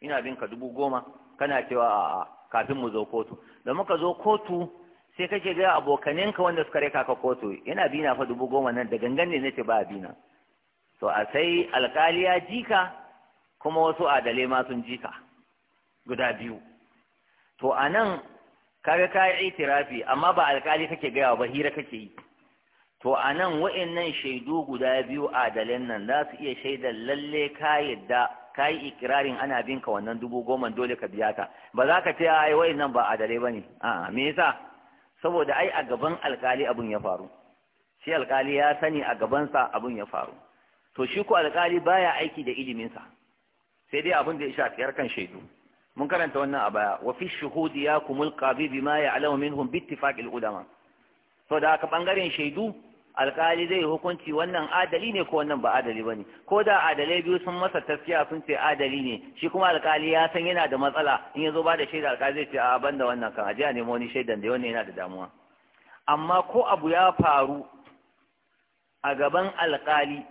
ina bin ka dubu goma kana cewa a kafin mu zo kotu da muka zo kotu sai kake ga abokaninka wanda suka rika ka kotu yana bina fa dubu goma nan da gangan ne nace ba bina to a sai alkali ya jika kuma wasu adalai ma sun jika guda biyu to a nan kaga ka yi itirafi amma ba alkali kake gaya ba hira kake yi to a nan wa'annan shaidu guda biyu a adalin nan za su iya shaidar lalle ka yadda ka yi ikirarin ana bin ka wannan dubu goma dole ka biya ta ba za ka ce ai wa'annan ba adalai ba ne a me yasa saboda ai a gaban alkali abun ya faru shi alkali ya sani a gabansa abun ya faru to shi ko alkali baya aiki da iliminsa sai dai abin da ya shafi kan shaidu mun karanta wannan a baya wa fi shuhudi ya kumul qabi bima ya'lamu minhum bi ittifaqil ulama to da aka bangaren shaidu alkali zai hukunci wannan adali ne ko wannan ba adali bane ko da adalai biyu sun masa tafiya sun ce adali ne shi kuma alkali ya san yana da matsala in ya zo ba da shaida alkali zai ce a banda wannan kan aje a nemo wani shaidan da wannan yana da damuwa amma ko abu ya faru a gaban alkali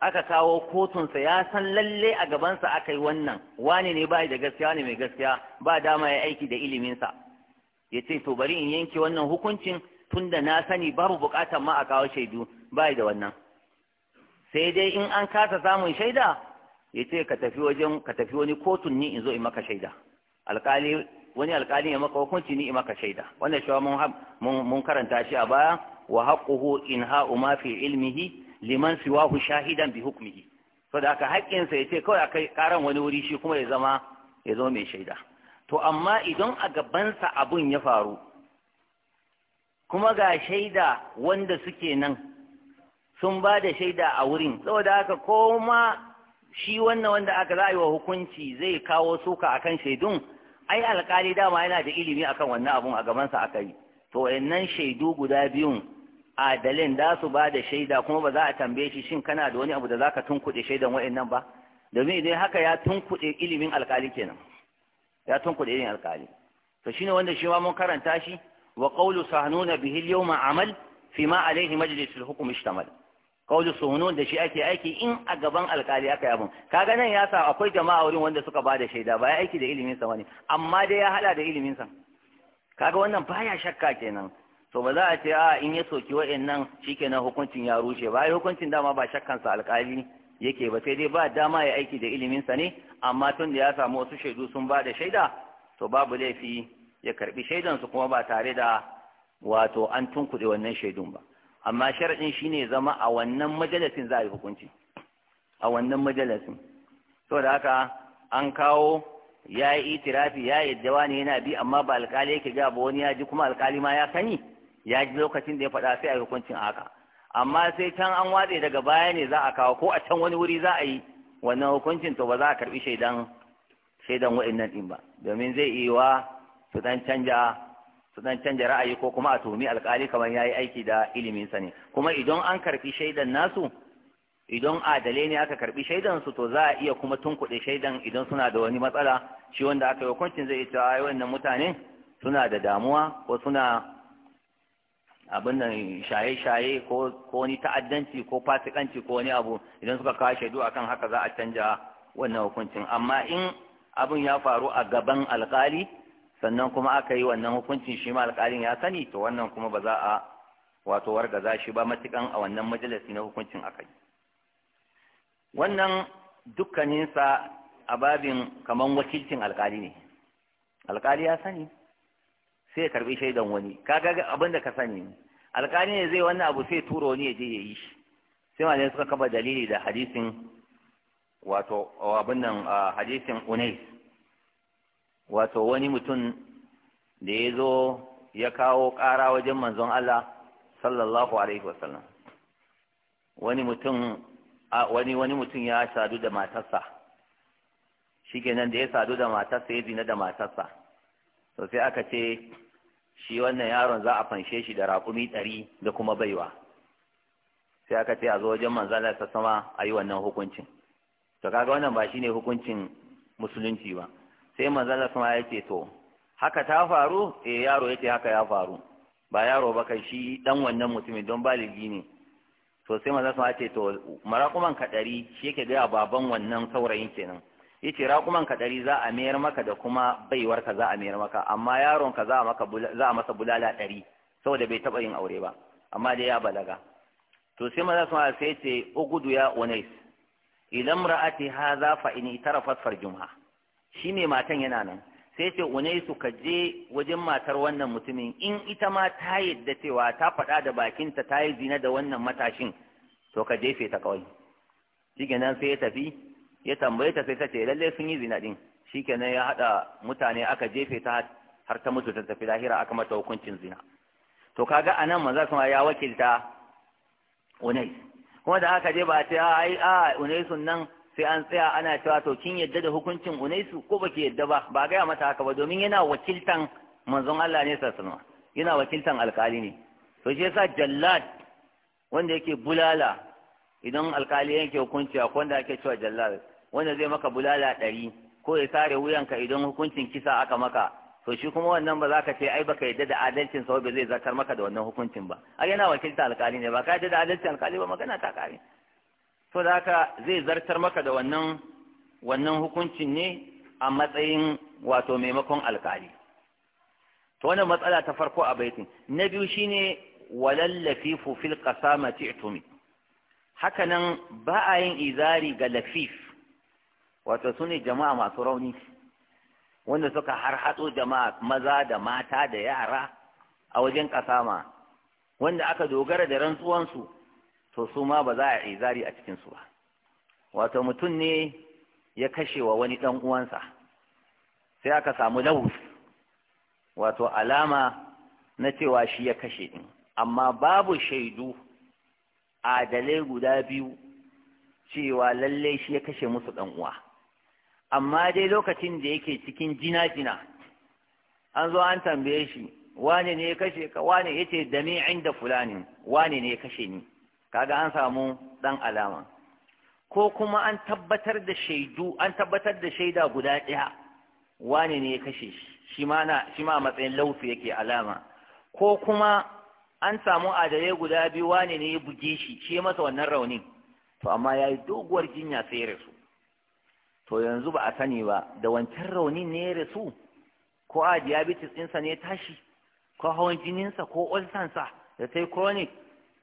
aka kawo kotunsa ya san lalle a gabansa aka yi wannan wane ne bai da gaskiya wane mai gaskiya ba dama ya aiki da iliminsa ya ce to bari in yanke wannan hukuncin tunda na sani babu bukatar ma a kawo shaidu bai da wannan sai dai in an kasa samun shaida ya ce ka tafi wajen ka tafi wani kotun ni in zo in maka shaida alkali wani alkali ya maka hukunci ni in maka shaida wannan shi mun karanta shi a baya wa haqquhu in ha'u ma fi ilmihi liman siwahu shahidan bi hukmihi saboda aka haƙƙinsa ya ce kawai akai karan wani wuri shi kuma ya zama ya zo mai shaida to amma idan a gabansa abun ya faru kuma ga shaida wanda suke nan sun ba da shaida a wurin saboda haka ko ma shi wannan wanda aka za a yi wa hukunci zai kawo suka akan shaidun ai alkali dama yana da ilimi akan wannan abun a gabansa aka yi to wayannan shaidu guda biyun adalin da su ba da shaida kuma ba za a tambaye shi shin kana da wani abu da zaka tunkuɗe shaidan wa'annan ba domin idan haka ya tunkuɗe ilimin alkali kenan ya tunkuɗe ilimin alkali to shine wanda shi ma mun karanta shi wa qawlu sahnuna bihi al-yawma amal fi ma alayhi majlis al-hukm ishtamal qawlu sahnun da shi ake aiki in a gaban alkali aka yi abun kaga nan ya sa akwai jama'a wurin wanda suka ba da shaida ba ya aiki da ilimin sa wani amma dai ya hada da ilimin sa kaga wannan baya shakka kenan to ba za a ce a in ya soki wa'annan shikenan hukuncin ya rushe ba ai hukuncin dama ba shakkan sa alƙali yake ba sai dai ba dama ya aiki da ilimin sa ne amma tun da ya samu wasu shaidu sun ba da shaida to babu laifi ya karbi shaidan su kuma ba tare da wato an tunkuɗe wannan shaidun ba amma sharaɗin shine zama a wannan majalisin za a yi hukunci a wannan majalisin saboda haka an kawo ya yi itirafi ya yadda wani yana bi amma ba alkali yake ga ba wani ya ji kuma alkali ma ya sani ya ji lokacin da ya faɗa sai a yi hukuncin haka amma sai can an watse daga baya ne za a kawo ko a can wani wuri za a yi wannan hukuncin to ba za a karɓi shaidan shaidan wa'annan ɗin ba domin zai iya wa su dan canja su dan canja ra'ayi ko kuma a tuhumi alƙali kamar yayi aiki da ilimin sa ne kuma idan an karɓi shaidan nasu idan adalai ne aka karbi shaidan su to za a iya kuma tunkuɗe shaidan idan suna da wani matsala shi wanda aka yi hukuncin zai yi cewa wannan mutane suna da damuwa ko suna abin nan shaye-shaye ko wani ta'addanci ko fasikanci ko wani abu idan suka kawo shaidu akan haka za a canja wannan hukuncin amma in abin ya faru a gaban alkali sannan kuma aka yi wannan hukuncin shi ma alkalin ya sani to wannan kuma ba za a wato wargaza shi ba matukan a wannan majalisi na hukuncin aka yi wannan dukkaninsa a babin kamar wakilcin alkali ne alkali ya sani sai ya karbi shaidan wani kaga abin da ka sani ne ne zai wannan abu sai turo ne ya je ya yi shi sai malamai suka kaba dalili da hadisin wato abin nan hadisin unais wato wani mutum da ya zo ya kawo ƙara wajen manzon Allah sallallahu alaihi wasallam wani mutum wani wani mutum ya sadu da matarsa shikenan da ya sadu da matarsa ya zina da matarsa to sai aka ce shi wannan yaron za a fanshe shi da raƙumi ɗari da kuma baiwa sai aka ce a zo wajen manzan da sama a yi wannan hukuncin to kaga wannan ba shine hukuncin musulunci ba sai da sama ya ce to haka ta faru eh yaro ya ce haka ya faru ba yaro ba kai shi dan wannan mutumin don baligi ne to sai da sama ya ce to maraƙuman ka ɗari shi yake gaya baban wannan saurayin kenan yace raƙuman ka ɗari za a mayar maka da kuma baiwar ka za a mayar maka amma yaron ka za a maka za a masa bulala ɗari saboda bai taɓa yin aure ba amma dai ya balaga to sai maza su sai ce ugudu ya unais idan ra'ati haza fa in itarafat farjumha shi mai matan yana nan sai ce unaisu ka je wajen matar wannan mutumin in ita ma ta yadda cewa ta faɗa da bakinta ta yi zina da wannan matashin to ka jefe ta kawai shi sai ya tafi ya tambaye ta sai ta ce lalle sun yi zina din shikenan ya hada mutane aka jefe ta har ta mutu ta tafi lahira aka mata hukuncin zina to kaga anan manzo kuma ya wakilta unais kuma da aka je ba a ce ai a unaisun nan sai an tsaya ana cewa to kin yadda da hukuncin unaisu ko baki yadda ba ba ga mata haka ba domin yana wakiltan manzon Allah ne sallallahu yana wakiltan alkali ne to shi yasa jallad wanda yake bulala idan alkali yake hukunci akwai wanda ake cewa jallad wanda zai maka bulala ɗari ko ya sare wuyanka idan hukuncin kisa aka maka to shi kuma wannan ba za ka ce ai baka yadda da adalcin sa ba zai zartar maka da wannan hukuncin ba ai yana wakilta alkali ne ba ka yadda da adalcin alkali ba magana ta kare to da haka zai zartar maka da wannan wannan hukuncin ne a matsayin wato maimakon alkali to wannan matsala ta farko a baitin na biyu shine walallafifu fil qasamati itumi Haka nan ba a yin izari ga lafif wato su ne jama'a masu rauni wanda suka haɗo jama'a maza da mata da yara a wajen kasama wanda aka dogara da rantsuwansu to su ma ba za a izari a cikinsu ba wato mutum ne ya kashe wa wani ɗan uwansa sai aka samu laus wato alama na cewa shi ya kashe ɗin amma babu shaidu adalai guda biyu cewa lallai shi ya kashe musu ɗan uwa amma dai lokacin da yake cikin jina-jina an zo an tambaye shi wane ne ya kashe ka wane ya ce da ni inda fulani wane ne ya kashe ni kaga an samu dan alama ko kuma an tabbatar da shaidu an tabbatar da shaida guda ɗaya wane ne ya kashe shi shi ma na shi ma matsayin laufi yake alama ko kuma an samu adalai guda biyu wane ne ya buge shi shi masa wannan raunin to amma yayi doguwar jinya sai ya rasu to yanzu ba a sani ba da wancan raunin ne ya rasu ko a diabetes ɗinsa ne tashi ko hawan jininsa ko ulcansa da sai chronic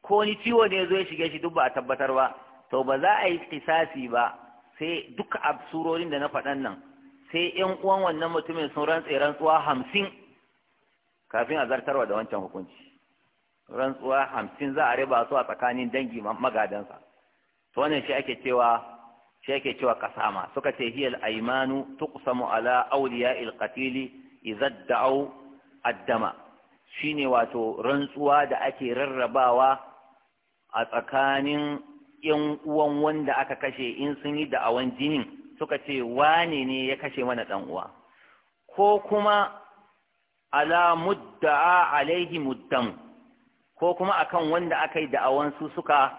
ko wani ciwo ne zo ya shige shi duk ba a tabbatar ba to ba za a yi kisasi ba sai duka absurorin da na faɗan nan sai ƴan uwan wannan mutumin sun rantse rantsuwa hamsin kafin a zartarwa da wancan hukunci rantsuwa hamsin za a riba su a tsakanin dangi magadansa to wannan shi ake cewa shi yake cewa kasama suka ce hiyal aimanu tuqsamu ala awliya qatil idza da'u addama shine wato rantsuwa da ake rarrabawa a tsakanin yan uwan wanda aka kashe in sun yi da'awan jinin suka ce wane ne ya kashe mana dan uwa ko kuma ala mudda'a alaihi muddam ko kuma akan wanda aka yi awan su suka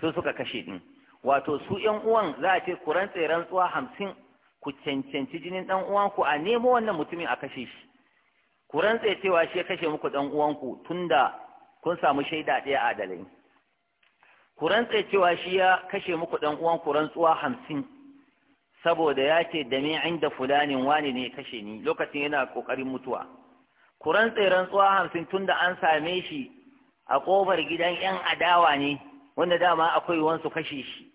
su suka kashe din wato su ƴan uwan za a ce ku rantse rantsuwa hamsin ku cancanci jinin ɗan uwanku a nemo wannan mutumin a kashe shi ku rantse cewa shi ya kashe muku ɗan uwanku tunda kun samu shaida ɗaya a adalai ku rantse cewa shi ya kashe muku ɗan uwanku rantsuwa hamsin saboda ya ce da me inda fulanin wani ne kashe ni lokacin yana ƙoƙarin mutuwa ku rantse rantsuwa hamsin tunda an same shi a ƙofar gidan 'yan adawa ne wanda dama akwai wansu kashe shi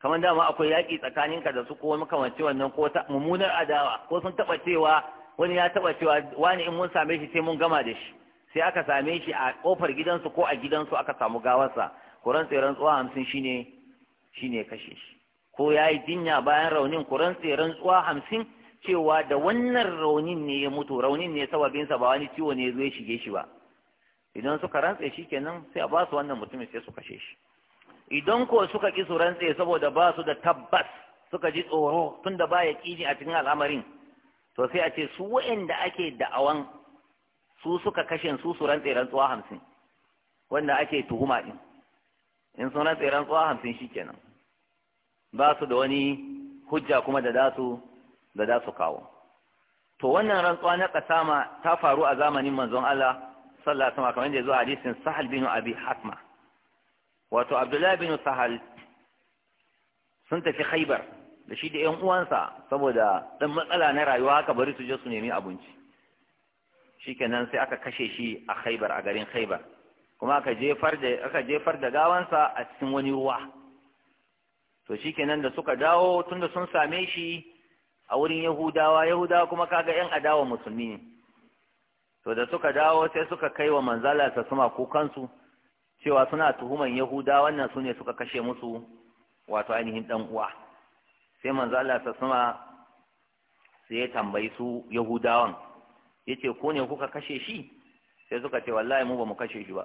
kamar dama akwai yaƙi ka da su ko makamanci wannan ko mummunar adawa ko sun taɓa cewa wani ya taɓa cewa wani in mun same shi sai mun gama da shi sai aka same shi a ƙofar gidansu ko a gidansu aka samu gawarsa kuran tseren tsuwa hamsin shine shine kashe shi ko ya yi jinya bayan raunin kuran tseren tsuwa hamsin cewa da wannan raunin ne ya mutu raunin ne sababinsa ba wani ciwo ne ya zo ya shige shi ba idan suka rantse shi kenan sai a ba su wannan mutumin sai su kashe shi idan ko suka ki su rantse saboda ba su da tabbas suka ji tsoro tunda ba ya kini a cikin al'amarin to sai a ce su waɗanda ake da'awan su suka kashe su su rantse rantsuwa hamsin wanda ake tuhuma din in sun rantse rantsuwa hamsin shikenan ba su da wani hujja kuma da za da za su kawo to wannan rantsuwa na kasama ta faru a zamanin manzon Allah sallallahu alaihi wasallam kamar da ya zo hadisin Sahal bin Abi Hatma wato abdullahi bin sahal sun tafi khaibar da shi da yan uwansa saboda dan matsala na rayuwa haka bari su je su nemi abinci shikenan sai aka kashe shi a khaibar a garin khaibar kuma aka jefar da aka jefar da gawansa a cikin wani ruwa to shikenan da suka dawo tunda sun same shi a wurin yahudawa yahudawa kuma kaga yan adawa musulmi ne to da suka dawo sai suka kai wa manzala sa suma kukansu cewa suna tuhuman yahuda wannan su ne suka kashe musu wato ainihin dan uwa sai manzo Allah ta sama sai ya tambayi su yahudawan yace ko ne kuka kashe shi sai suka ce wallahi mu ba mu kashe shi ba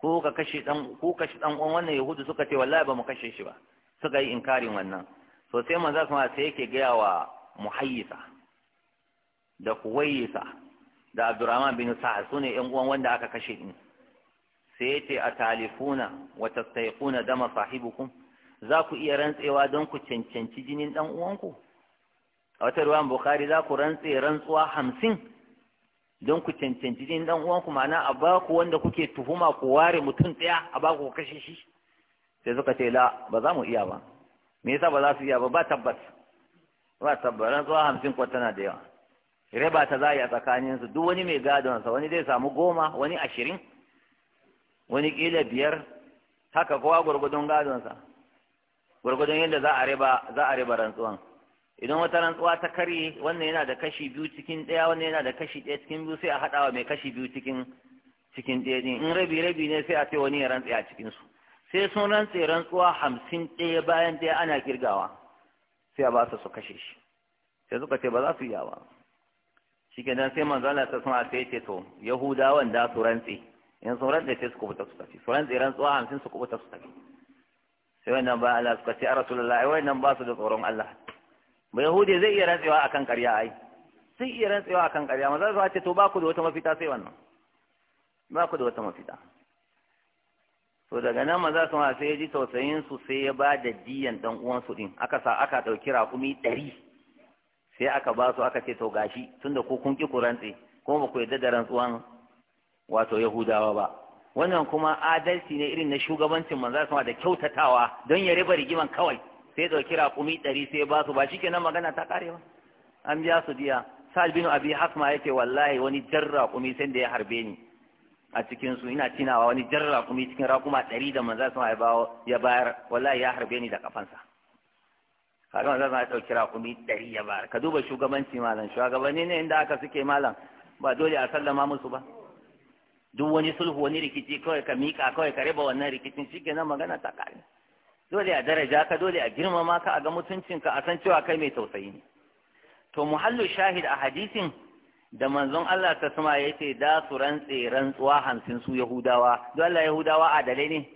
ko ka kashe dan ko kashe dan uwan wannan yahudu suka ce wallahi ba mu kashe shi ba suka yi inkarin wannan so sai manzo sama sai yake gaya wa muhayyisa da kuwayisa da Abdurrahman bin Sa'ad sune yan uwan wanda aka kashe din sai yace talifuna wa tastayquna dama sahibukum za ku iya rantsewa don ku cancanci jinin dan uwanku a wata ruwan bukhari za ku rantse rantsuwa hamsin don ku cancanci jinin dan uwanku ma'ana a ba ku wanda kuke tuhuma ku ware mutum ɗaya a ba ku kashe shi sai suka ce la ba za mu iya ba me yasa ba za su iya ba ba tabbas ba tabbas rantsuwa hamsin ko tana da yawa riba ta za a yi a tsakaninsu duk wani mai gadonsa wani zai samu goma wani ashirin wani kila biyar haka kowa gwargwadon gadonsa gwargwadon yadda za a riba za a riba rantsuwan idan wata rantsuwa ta karye wannan yana da kashi biyu cikin ɗaya wannan yana da kashi ɗaya cikin biyu sai a haɗa wa mai kashi biyu cikin cikin ɗaya ɗin in rabi rabi ne sai a ce wani ya rantsa a cikin su sai sun rantsa rantsuwa hamsin ɗaya bayan ɗaya ana kirgawa sai a ba su su kashe shi sai suka ce ba za su yi ba. shi kenan sai manzo Allah ta sun a sai ce to yahudawan da su rantsi. in sun da sai su kubuta su tafi su tseren rantsuwa hamsin su kubuta su tafi sai wannan ba Allah suka ce a rasulullahi wannan ba su da tsoron Allah ba yahudi zai iya rantsewa akan karya ai sai iya rantsewa akan karya. maza su ce to ba ku da wata mafita sai wannan ba ku da wata mafita to daga nan maza su sai ya ji tausayin su sai ya ba da diyan dan uwan su din aka sa aka dauki rakumi ɗari sai aka ba su aka ce to gashi tunda ko kun ki ku rantse kuma ba ku yadda da rantsuwan wato yahudawa ba wannan kuma adalci ne irin na shugabancin manzo sama da kyautatawa don ya riba rigiman kawai sai dauki raƙumi ɗari sai ba su ba nan magana ta ƙare ba an biya su diya sa'ad bin abi hasma yake wallahi wani jar raƙumi sai da ya harbe ni a cikin su ina tinawa wani jar raƙumi cikin raƙuma ɗari da manzo sama ya bayar wallahi ya harbe ni da kafansa kaga manzo sama ya dauki raƙumi ɗari ya bayar ka duba shugabanci malam shugabanni ne inda aka suke malam ba dole a sallama musu ba duk wani sulhu wani rikici kawai ka mika kawai ka raba wannan rikicin shikenan magana ta kare dole a daraja ka dole a girmama ka a ga mutuncinka a san cewa kai mai tausayi ne to muhallu shahid a hadisin da manzon Allah ta sama ya ce da su rantse rantsuwa hamsin su Yahudawa don Allah Yahudawa adalai ne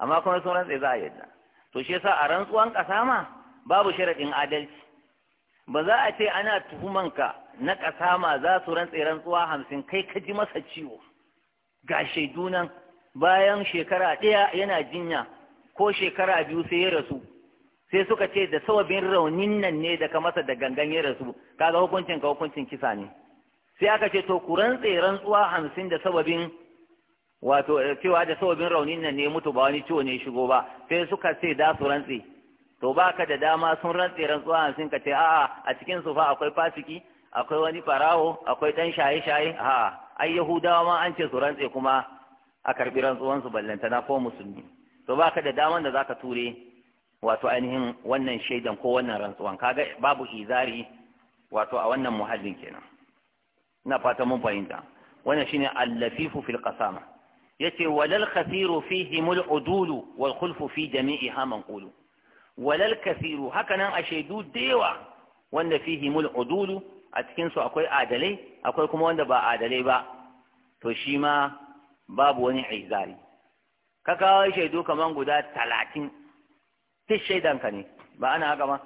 amma kuma sun rantse za a yadda to shi yasa a rantsuwan kasa ma babu sharadin adalci ba za a ce ana tuhumanka na kasama ma za su rantse rantsuwa hamsin kai ka ji masa ciwo ga shaidu nan bayan shekara ɗaya yana jinya ko shekara biyu sai ya rasu sai suka ce da sababin raunin nan ne da ka masa da gangan ya rasu kaga hukuncin ka hukuncin kisa ne sai aka ce to ku rantse rantsuwa hamsin da sababin wato eh, cewa da sababin raunin nan ne mutu ba wani ciwo ne shigo ba sai suka ce da su rantse to baka da dama sun rantse rantsuwa hamsin ka ce a'a a cikin su fa akwai fasiki akwai wani farawo akwai ɗan shaye-shaye ha ai yahudawa ma an ce su rantse kuma a karɓi rantsuwansu ballantana ko musulmi to baka da daman da zaka ture wato ainihin wannan shaidan ko wannan rantsuwan kaga babu izari wato a wannan muhallin kenan ina fata mun fahimta wannan shine al-lafifu fil qasama yace walal kathiru fihi mul udulu wal khulfu fi jami'iha manqulu walal kathiru hakanan a shaidu da yawa wanda fihi mul udulu a cikinsu akwai adalai akwai kuma wanda ba adalai ba to shi ma babu wani izari ka kawo shaidu kaman guda talatin duk shaidanka ne ba ana haka ma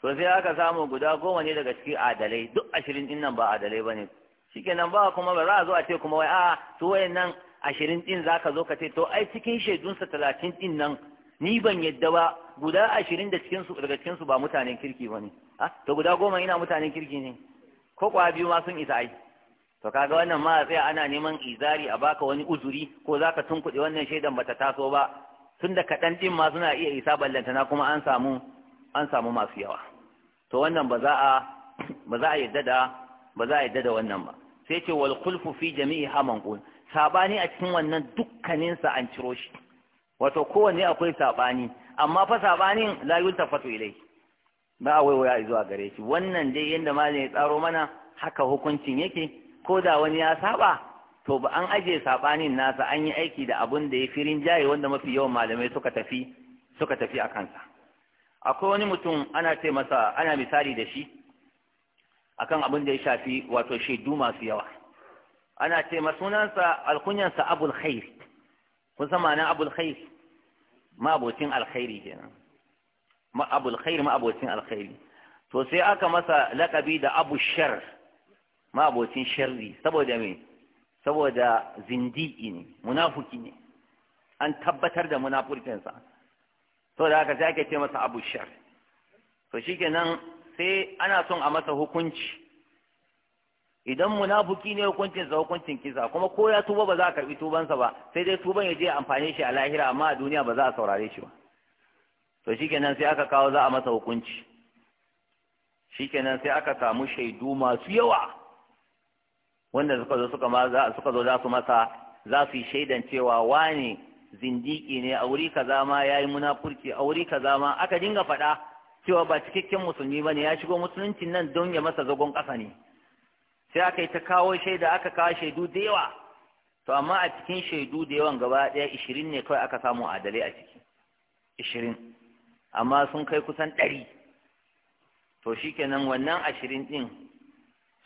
to sai aka samu guda goma ne daga cikin adalai duk ashirin din nan ba adalai ba ne shikenan ba kuma ba za a zo a ce kuma wai a su wayennan nan ashirin din za ka zo ka ce to ai cikin shaidunsa talatin din nan ni ban yadda ba guda ashirin da cikinsu daga cikinsu ba mutanen kirki ba ne ah, to guda goma ina mutanen kirki ne ko kwa biyu ma sun isa ai to kaga wannan ma tsaya ana neman izari a baka wani uzuri ko zaka tunkuɗe wannan shaidan bata taso ba tun da kaɗan ɗin ma suna iya isa ballantana kuma an samu an samu masu yawa to wannan ba za a ba za a yadda da ba za a yadda da wannan ba sai ce wal khulfu fi jami'i hamanqun sabani a cikin wannan dukkanin sa an ciro shi wato kowanne akwai sabani amma fa sabanin la yuntafatu ilai ba a waiwaya zuwa gare shi wannan dai yanda malam ya tsaro mana haka hukuncin yake ko da wani ya saba to ba an aje sabanin nasa an yi aiki da abun da ya fi jaye wanda mafi yawan malamai suka tafi suka tafi a kansa akwai wani mutum ana ce masa ana misali da shi akan abin da ya shafi wato shaidu masu yawa ana ce masunansa alkunyansa abul khair kun san ma'ana abul khair ma'abocin alkhairi kenan ma'abul khair ma'abocin alkhairi to sai aka masa lakabi da abu shar ma'abocin sharri saboda me saboda zindiki ne munafuki ne an tabbatar da munafurcinsa saboda haka sai ake ce masa abu shar to shikenan sai ana son a masa hukunci idan munafiki ne hukuncin sa hukuncin kisa kuma ko ya tuba ba za a karbi tubansa ba sai dai tuban ya je amfane shi a lahira amma a duniya ba za a saurare shi ba to shikenan sai aka kawo za a masa hukunci shikenan sai aka samu shaidu masu yawa wanda suka zo suka za suka zo za su masa za su yi shaidan cewa wane zindiki ne a wuri kaza ma yayi munafurki. a wuri kaza ma aka dinga faɗa cewa ba cikakken musulmi bane ya shigo musuluncin nan don ya masa zagon ƙasa ne sai aka yi ta kawo shaida aka kawo shaidu da yawa to amma a cikin shaidu da yawan gaba ɗaya ishirin ne kawai aka samu adalai a ciki ishirin amma sun kai kusan ɗari to shikenan wannan ashirin ɗin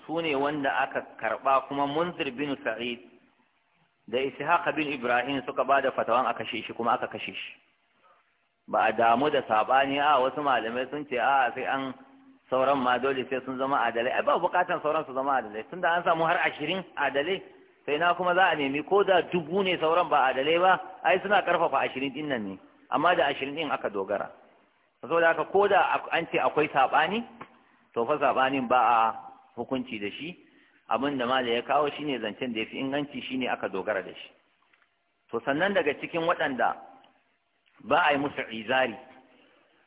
su ne wanda aka karɓa kuma munzir bin sa'id da ishaq bin ibrahim suka ba da fatawan a kashe shi kuma aka kashe shi ba a damu da saɓani a wasu malamai sun ce a sai an sauran ma dole sai sun zama adalai ai ba bukatan sauran su zama adalai tunda an samu har ashirin adalai sai na kuma za a nemi ko da dubu ne sauran ba adalai ba ai suna karfafa ashirin din nan ne amma da ashirin din aka dogara saboda haka ko da an ce akwai saɓani to fa saɓanin ba a hukunci da shi abin da ya kawo shine zancen da ya fi inganci shine aka dogara da shi to sannan daga cikin waɗanda ba a yi musu izari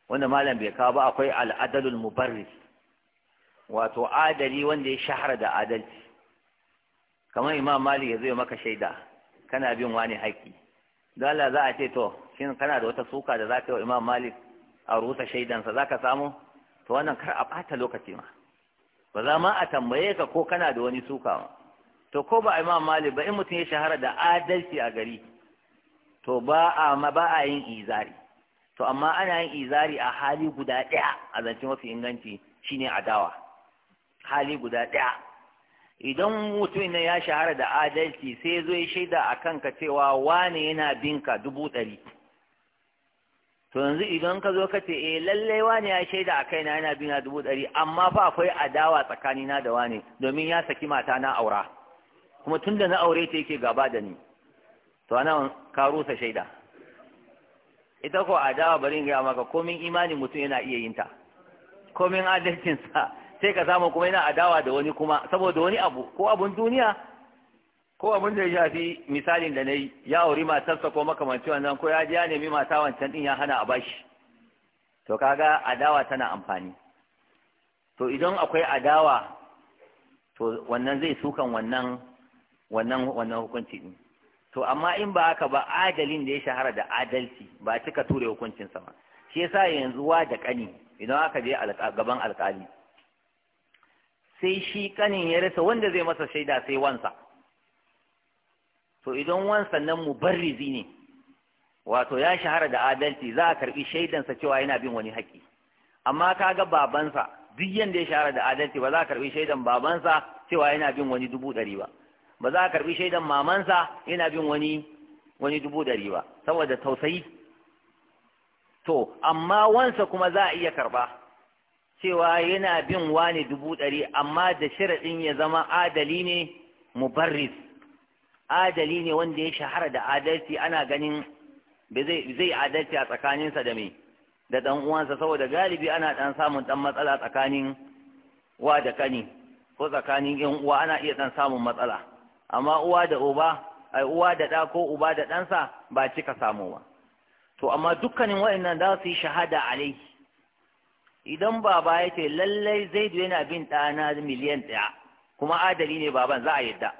wanda malam bai kawo ba akwai al'adalul mubarris wato adali wanda ya shahara da adalci kamar imam malik ya zo maka shaida kana bin wani haƙƙi don Allah za a ce to shin kana da wata suka da za ka yi wa imam malik a rusa shaidansa za ka samu to wannan kar a ɓata lokaci ma ba za ma a tambaye ka ko kana da wani suka ma to ko ba imam malik ba in mutum ya shahara da adalci a gari to ba a ma ba a yin izari to amma ana yin izari a hali guda ɗaya a zancen mafi inganci shine adawa hali guda ɗaya idan mutum ne ya shahara da adalci sai zo ya shaida a kanka cewa wane yana binka dubu ɗari to yanzu idan ka zo ka ce eh lallai wane ya shaida a kaina yana bina dubu ɗari amma fa akwai adawa tsakanina da wane domin ya saki mata na aura kuma tun da na aure ta yake gaba da ni to ana ka rusa shaida ita ko adawa bari in gaya maka komin imani mutum yana iya yin ta komin adalcinsa sai ka samu kuma yana adawa da wani kuma saboda wani abu ko abun duniya ko abun da ya shafi misalin da na yi ya auri matarsa ko makamanci wannan ko ya je nemi mata wancan din ya hana a bashi to kaga adawa tana amfani to idan akwai adawa to wannan zai sukan wannan wannan wannan hukunci din to amma in ba haka ba adalin da ya shahara da adalci ba cika ture hukuncin sama ba shi yasa yanzu wa da kani idan aka je gaban alkali sai shi kanin ya rasa wanda zai masa shaida sai wansa to idan wansa nan mu mubarrizi ne wato ya shahara da adalci za a karbi shaidansa cewa yana bin wani haƙi amma ga babansa duk yanda ya shahara da adalci ba za a karbi shaidan babansa cewa yana bin wani dubu ɗari ba ba za a karbi shaidan mamansa yana bin wani wani dubu ɗari ba saboda tausayi to amma wansa kuma za a iya karɓa. cewa yana bin wani dubu ɗari amma da sharaɗin ya zama adali ne mubarris adali ne wanda ya shahara da adalci ana ganin zai adalci a tsakaninsa da mai da ɗan uwansa saboda galibi ana ɗan samun ɗan matsala tsakanin wa da kani ko tsakanin yan uwa ana iya ɗan samun matsala amma uwa da uba ai uwa da ɗa ko uba da ɗansa ba cika samu ba to amma dukkanin waɗannan za su yi shahada alaihi idan baba ya ce lallai zaidu yana bin ɗana miliyan ɗaya kuma adali ne baban za a yadda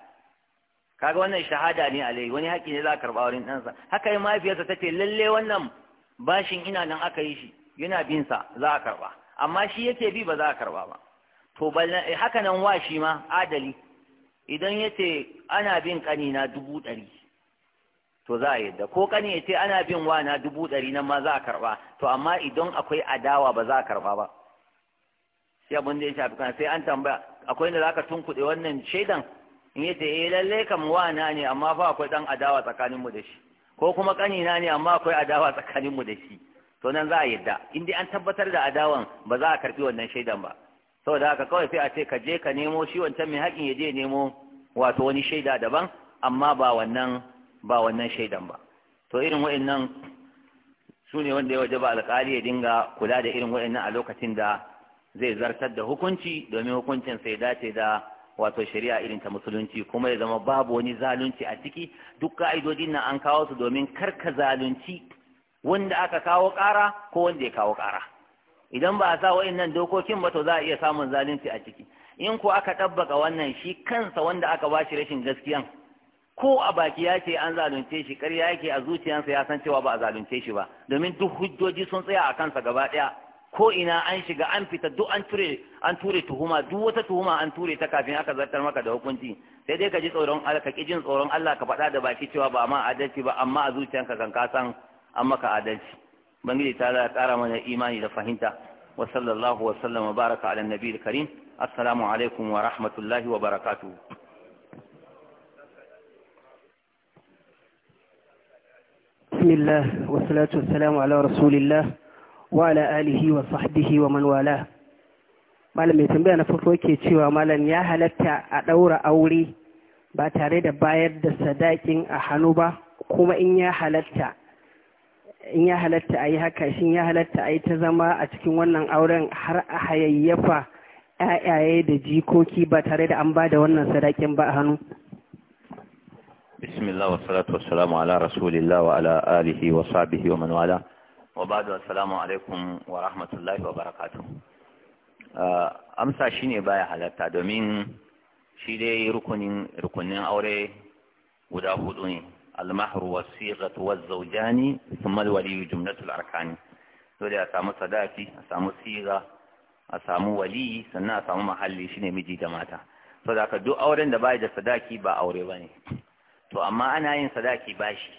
kaga wannan shahada ne alai wani haƙƙi ne za a karɓa wurin ɗansa haka yi mahaifiyarsa ta ce lallai wannan bashin ina nan aka yi shi yana bin sa za a karɓa amma shi yake bi ba za a karɓa ba to eh, haka nan wa shi ma adali idan ya ce ana bin ƙanina dubu ɗari to za a yadda ko kani ya ce ana bin wana dubu ɗari nan ma za a karɓa to amma idan akwai adawa ba za a karɓa ba sai abin da ya shafi kan sai an tambaya akwai da ka tunkuɗe wannan shaidan in ya ce eh lallai kam wana ne amma ba akwai ɗan adawa tsakanin mu da shi ko kuma ƙanina ne amma akwai adawa tsakanin mu da shi to nan za a yadda in dai an tabbatar da adawan ba za a karɓi wannan shaidan ba saboda haka kawai sai a ce ka je ka nemo shi wancan mai haƙin ya je nemo wato wani shaida daban amma ba wannan ba wannan shaidan ba to irin wa'annan su ne wanda ya waje ba alƙali ya dinga kula da irin wa'annan a lokacin da zai zartar da hukunci domin hukuncin sai dace da wato shari'a irin ta musulunci kuma ya zama babu wani zalunci a ciki duk ka'idodin nan an kawo su domin karka zalunci wanda aka kawo ƙara ko wanda ya kawo ƙara idan ba a sa wa'annan dokokin ba to za a iya samun zalunci a ciki in ko aka ɗabbaka wannan shi kansa wanda aka bashi rashin gaskiyan ko a baki ya ce an zalunce shi ƙarya yake a zuciyarsa ya san cewa ba a zalunce shi ba domin duk hujjoji sun tsaya a kansa gaba ɗaya ko ina an shiga an fita duk an ture an ture tuhuma duk wata tuhuma an ture ta kafin aka zartar maka da hukunci sai dai ka ji tsoron Allah ka jin tsoron Allah ka faɗa da baki cewa ba ma adalci ba amma a zuciyarka kan ka san an maka adalci bangiji ta Allah ƙara mana imani da fahimta wa sallallahu wa sallama baraka ala nabiyil karim assalamu alaikum wa rahmatullahi wa barakatuh بسم الله والصلاة والسلام على رسول الله وعلى آله وصحبه ومن والاه malam mai tambaya na farko yake cewa malam ya halatta a ɗaura aure ba tare da bayar da sadakin a hannu ba kuma in ya halatta in ya halatta a yi haka shin ya halatta a yi ta zama a cikin wannan auren har a hayayyafa ƴaƴaye da jikoki ba tare da an ba da wannan sadakin ba a hannu بسم الله والصلاة والسلام على رسول الله وعلى آله وصحبه ومن والاه وبعد السلام عليكم ورحمة الله وبركاته amsa shi ne baya halatta domin shi dai rukunin aure guda hudu ne almahru wa sighatu wa zawjani thumma alwaliyu jumlatul arkani dole a samu sadaki a samu siga a samu wali sannan a samu mahalli shine miji da mata saboda duk auren da bai da sadaki ba aure bane to amma ana yin sadaki bashi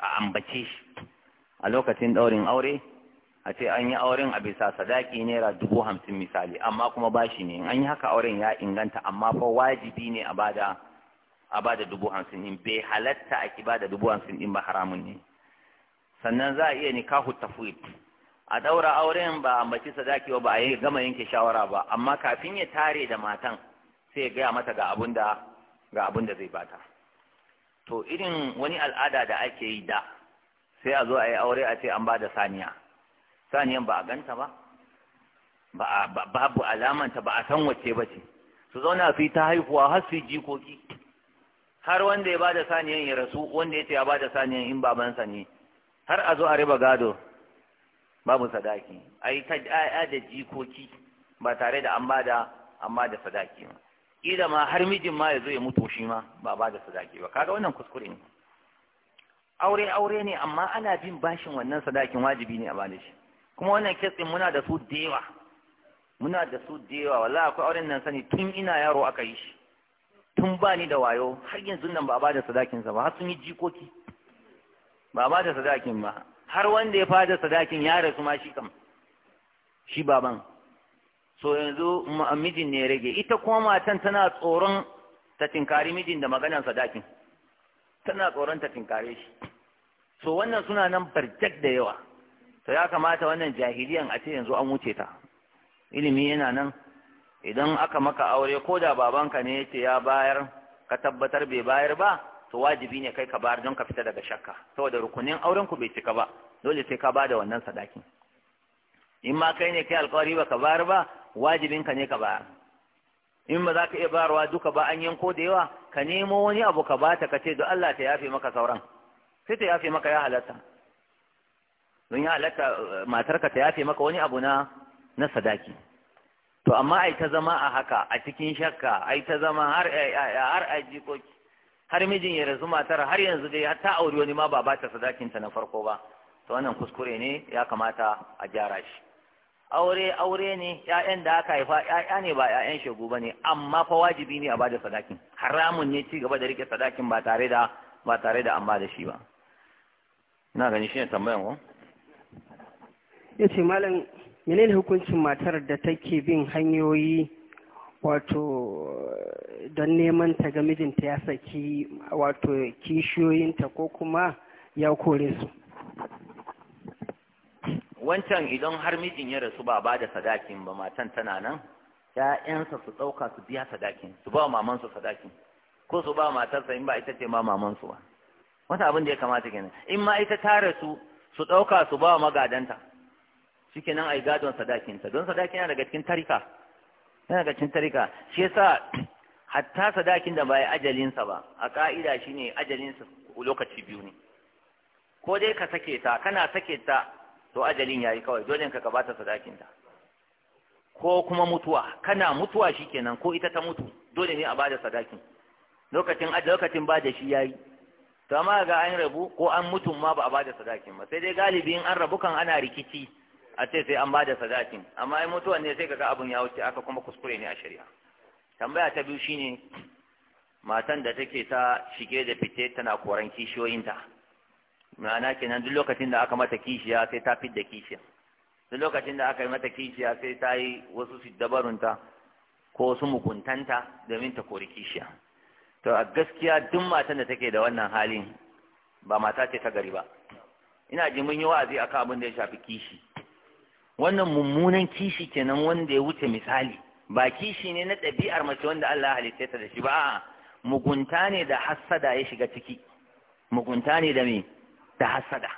a ambace shi a lokacin ɗaurin aure a ce an yi auren a bisa sadaki naira dubu hamsin misali amma kuma bashi ne an yi haka auren ya inganta amma fa wajibi ne a bada a bada dubu hamsin in bai halatta a ki bada dubu hamsin in ba haramun ne sannan za a iya ni nikahu tafwid a daura auren ba a ambaci sadaki ba a yi gama yanke shawara ba amma kafin ya tare da matan sai ya gaya mata ga abun da ga abun da zai bata to irin wani al'ada da ake yi da sai a zo a yi aure a ce an ba da saniya saniyan ba a ganta ba babu alamanta ba a san wacce ba ce su zauna fi ta haihuwa har su jikoki har wanda ya ba da saniyan ya rasu wanda ya ce ya ba da saniyan in babansa ne har a zo a riba gado babu sadaki a yi ta da jikoki ba tare da an ba da sadaki ba Kila ma har mijin ma ya zo ya mutu shi ma ba ba da sadaki ba kaga wannan kuskure ne aure aure ne amma ana bin bashin wannan sadakin wajibi ne a bani shi kuma wannan kitsin muna da su da yawa muna da su da yawa wallahi akwai auren nan sani tun ina yaro aka yi shi tun ba ni da wayo har yanzu nan ba a ba da sadakin sa ba har sun yi jikoki ba a ba da sadakin ba har wanda ya fada sadakin ya rasu ma shi kam shi baban so yanzu mijin ne rage ita kuma matan tana tsoron ta tinkari mijin da maganan sadakin tana tsoron ta tinkare shi so wannan suna nan barjak da yawa to ya kamata wannan jahiliyan a ce yanzu an wuce ta ilimi yana nan idan aka maka aure ko da babanka ne yace ya bayar ka tabbatar bai bayar ba to wajibi ne kai ka bayar don ka fita daga shakka saboda rukunin auren ku bai cika ba dole sai ka bada wannan sadakin in ma kai ne kai alƙawari ka bayar ba wajibinka ne ka ba in ba za ka iya bayarwa duka ba an yanko da yawa ka nemo wani abu ka bata ka ce don Allah ta yafe maka sauran sai ta yafe maka ya halatta don ya halatta eh, matarka ta yafe maka wani abu na na sadaki to amma ai ta zama a haka a cikin shakka ai ta zama har eh, eh, har a har mijin ya rasu matar har yanzu dai har ta aure wani ma ba ba ta sadakinta na farko ba to wannan kuskure ne ya kamata a gyara shi aure aure ne ƴaƴan da aka haifa ƴaƴa ne ba ƴaƴan shegu ba ne amma fa wajibi ne a bada sadakin haramun ne ci gaba da rike sadakin ba tare da ba tare da amma da shi ba ina gani shine tambayan ko yace malam menene hukuncin matar da take bin hanyoyi wato don neman ta ga mijinta ya saki wato kishiyoyinta ko kuma ya kore su wancan idan har mijin ya rasu ba ba da sadakin ba matan tana nan ‘ya'yansa su ɗauka su biya sadakin su ba mamansu sadakin ko su ba matarsa in ba ita ce ma mamansu ba wata abin da ya kamata kenan in ma ita ta rasu su ɗauka su ba magadanta shike nan ai gadon ta don sadakin yana daga cikin tarika yana daga cikin tarika shi yasa hatta sadakin da bai ajalinsa ba a ka'ida shine ajalinsa lokaci biyu ne ko dai ka sake ta kana sake ta to ajalin yayi kawai dole ka ka bata sadakin ko kuma mutuwa kana mutuwa shikenan ko ita ta mutu dole ne a bada sadakin lokacin a lokacin bada shi yayi to amma ga an rabu ko an mutu ma ba a bada sadakin ba sai dai galibi in an rabu kan ana rikici a ce sai an bada sadakin amma ai mutuwa ne sai kaga abun ya wuce aka kuma kuskure ne a shari'a tambaya ta biyu shine matan da take ta shige da fice tana koran kishiyoyinta ma'ana kenan duk lokacin da aka mata kishiya sai ta fidda kishiya duk lokacin da aka yi mata kishiya sai ta yi wasu dabarunta ko wasu mukuntanta domin ta kori kishiya to a gaskiya duk matan da take da wannan halin ba mata ce ta gari ba ina ji mun yi wa'azi akan abin da ya shafi kishi wannan mummunan kishi kenan wanda ya wuce misali ba kishi ne na ɗabi'ar mace wanda Allah halitta ta da shi ba a'a mugunta ne da hassada ya shiga ciki mugunta ne da me da hasada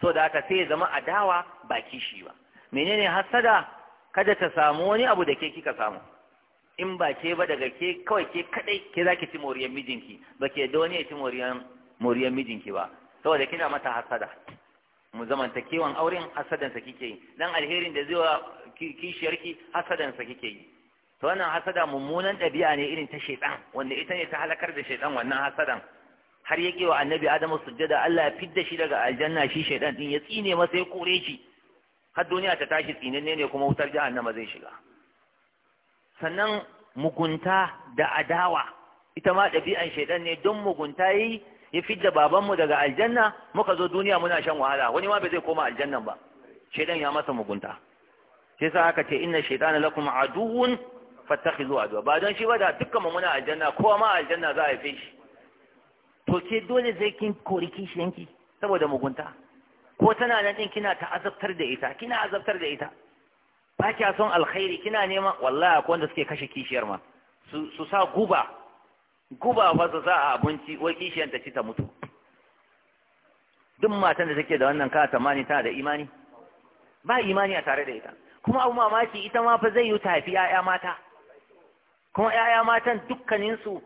so da aka sai ya zama adawa ba kishi ba menene hasada kada ta samu wani abu da ke kika samu in ba ke ba daga ke kawai ke kadai ke zaki ci moriyar mijinki ba ke da wani ya ci moriyar mijinki ba saboda kina mata hasada mu zamanta kewan auren hasadansa kike yi dan alherin da zai wa kishiyarki hasadansa kike yi to wannan hasada mummunan ɗabi'a ne irin ta shaidan wanda ita ne ta halakar da shaidan wannan hasadan har yake wa annabi adamu sujjada Allah ya fidda shi daga aljanna shi shaidan din ya tsine masa ya kore shi har duniya ta tashi tsinanne ne kuma wutar jahannama zai shiga sannan mugunta da adawa ita ma ɗabi'an shaidan ne don mugunta yi ya fidda babanmu daga aljanna muka zo duniya muna shan wahala wani ma bai zai koma aljannan ba shaidan ya masa mugunta sai sa aka ce inna shaitana lakum aduwwun fattakhizu aduwa ba don shi ba da dukkan mu muna aljanna kowa ma aljanna za a haife shi to ke dole zai kin kori kishiyanki saboda mugunta ko tana nan din kina ta azabtar da ita kina azabtar da ita ba kya son alkhairi kina neman wallahi akwai wanda suke kashe kishiyar ma su su sa guba guba fa su sa a abinci wai kishiyar ta ci ta mutu duk matan da take da wannan ka mani tana da imani ba imani a tare da ita kuma abu mamaki ita ma fa zai yi tafi 'ya'ya mata kuma 'ya'ya matan dukkaninsu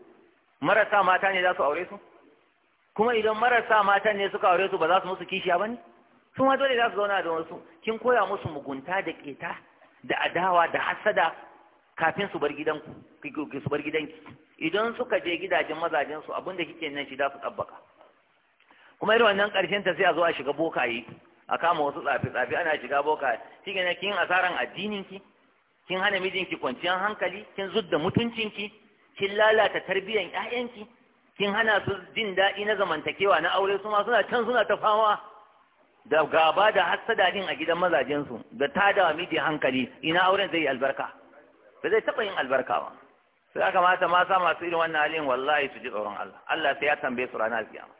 marasa mata ne za su aure su kuma idan marasa matan ne suka aure su ba za su musu kishiya ba ne su ma dole za su zauna da wasu kin koya musu mugunta da ƙeta da adawa da hasada kafin su bar gidanku su bar gidanki idan suka je gidajen mazajen su abin da kike nan shi da su tabbaka kuma irin wannan ƙarshen ta sai a zo a shiga bokaye a kama wasu tsafi tsafi ana shiga bokaye shi ne kin asaran addininki kin hana mijinki kwanciyar hankali kin zudda mutuncinki kin lalata tarbiyyar 'ya'yanki. kin hana su jin daɗi na zamantakewa na aure su ma suna can suna ta fama da gaba da hassada din a gidan mazajensu da da miji hankali ina auren zai yi albarka ba zai taɓa yin albarka ba sai ya kamata mata masu irin wannan halin wallahi su ji tsoron Allah Allah sai ya tambaye su ranar kiyama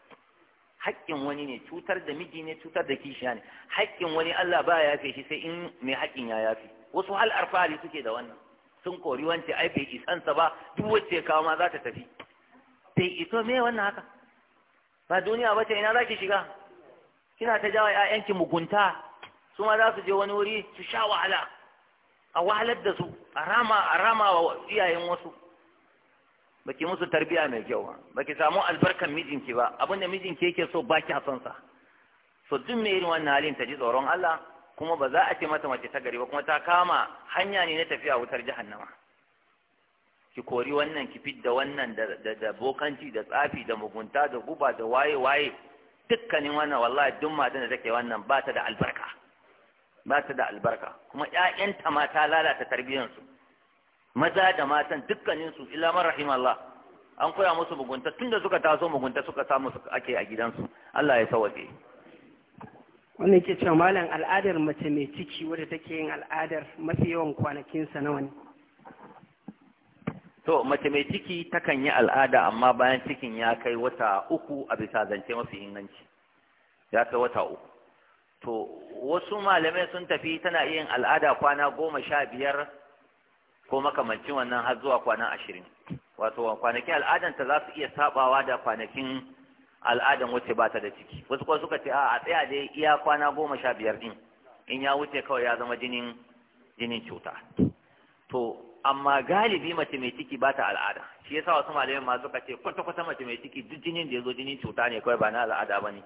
haƙƙin wani ne cutar da miji ne cutar da kishiya ne haƙƙin wani Allah ba ya yafe shi sai in mai haƙƙin ya yafe wasu hal arfali suke da wannan sun kori wance ai bai isansa ba duk wacce kawo ma za ta tafi bai iso me wannan haka ba duniya ba ce ina za ki shiga kina ta jawa ƴaƴanki mugunta su ma za su je wani wuri su sha wahala a wahalar da su a rama a rama wa iyayen wasu baki musu tarbiya mai kyau ba baki samu albarkan mijinki ba abin da mijinki yake so ba kya son sa so duk mai irin wannan halin ta ji tsoron Allah kuma ba za a ce mata mace ta gari ba kuma ta kama hanya ne na tafiya wutar jahannama ki kori wannan ki fidda wannan da bokanci da tsafi da mugunta da guba da waye waye dukkanin wannan wallahi duk matan da take wannan ba ta da albarka ba ta da albarka kuma ƴaƴanta ma ta lalata tarbiyyarsu maza da matan dukkanin su illa man rahimallah an koya musu mugunta tunda suka taso mugunta suka samu suka ake a gidansu Allah ya sawaje wannan ke cewa malam al'adar mace mai ciki wadda take yin al'adar mafi yawan kwanakinsa nawa ne to mace mai ciki takan yi al'ada amma bayan cikin ya kai wata uku a bisa zance mafi inganci ya kai wata uku to wasu malamai sun tafi tana yin al'ada kwana goma sha biyar ko makamancin wannan har zuwa kwana ashirin wato kwanakin al'adanta za su iya sabawa da kwanakin al'adan wuce ba ta da ciki wasu kuma suka ce a a tsaya dai iya kwana goma sha biyar din in ya wuce kawai ya zama jinin jinin cuta to amma galibi mace mai ciki ba ta al'ada shi yasa wasu malamai ma suka ce kwata-kwata mace mai ciki duk jinin da ya zo jinin cuta ne kawai ba na al'ada ba ne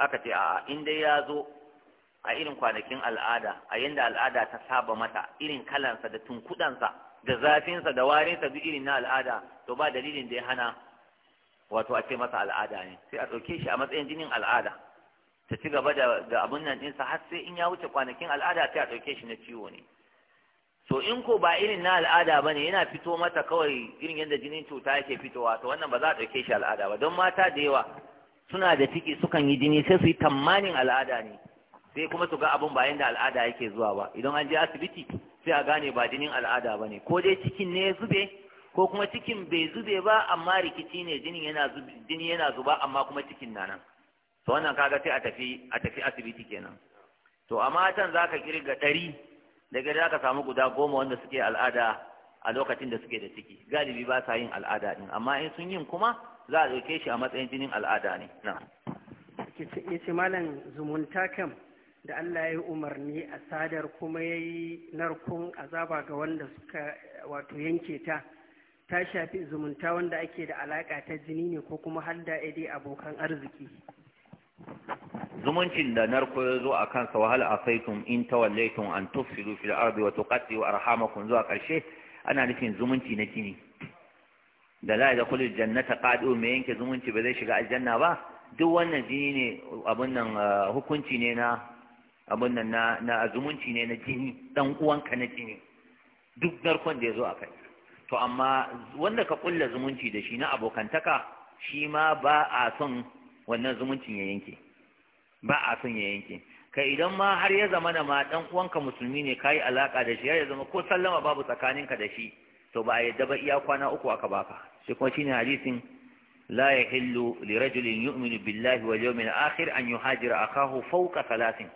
aka ce a in dai ya zo a irin kwanakin al'ada a yanda al'ada ta saba mata irin kalansa da tunkudansa da zafinsa da warinsa duk irin na al'ada to ba dalilin da ya hana wato a ce masa al'ada ne sai a ɗauke shi a matsayin jinin al'ada ta ci gaba da abin nan ɗinsa har sai in ya wuce kwanakin al'ada sai a ɗauke shi na ciwo ne to in ko ba irin na al'ada bane yana fito mata kawai irin yadda jinin cuta yake fitowa to wannan ba za a ɗauke shi al'ada ba don mata da yawa suna da ciki sukan yi jini sai su yi tammanin al'ada ne sai kuma su ga abin ba yadda al'ada yake zuwa ba idan an je asibiti sai a gane ba jinin al'ada ba ne ko dai cikin ne ya zube ko kuma cikin bai zube ba amma rikici ne jini yana zuba amma kuma cikin na nan to wannan kaga sai a tafi asibiti kenan to a matan zaka kirga ɗari daga da aka samu guda goma wanda suke al'ada a lokacin da suke da ciki galibi ba sa yin al'ada din amma in sun yin kuma za a ɗauke shi a matsayin jinin al'ada ne na malam zumunta kam da Allah ya yi umarni a sadar kuma ya yi narkun azaba ga wanda suka wato yanke ta ta shafi zumunta wanda ake da alaƙa ta jini ne ko kuma har da abokan arziki zumuncin da narko ya zo a kansa wahala a saitun in tawallaitum an tufsidu fil ardi wa tuqatti'u arhamakum zuwa karshe ana nufin zumunci na kini da la yadkhulu jannata qadu mai yanke zumunci ba zai shiga aljanna ba duk wannan jini ne abun nan ah, hukunci ne na abun nan na zumunci ne na jini dan uwanka na jini duk narkon da ya zo a kai to amma wanda ka kulla zumunci da shi na abokantaka shi ma ba a son wannan zumuncin ya yanke ba a son ya yanke ka idan ma har ya zama da ma dan uwanka musulmi ne kai alaka da shi ya zama ko sallama babu tsakanin ka da shi to ba a yadda ba iya kwana uku aka baka shi kuma shine hadisin la yahillu li rajulin yu'minu billahi wal yawmil akhir an yuhajira akahu fawqa thalathin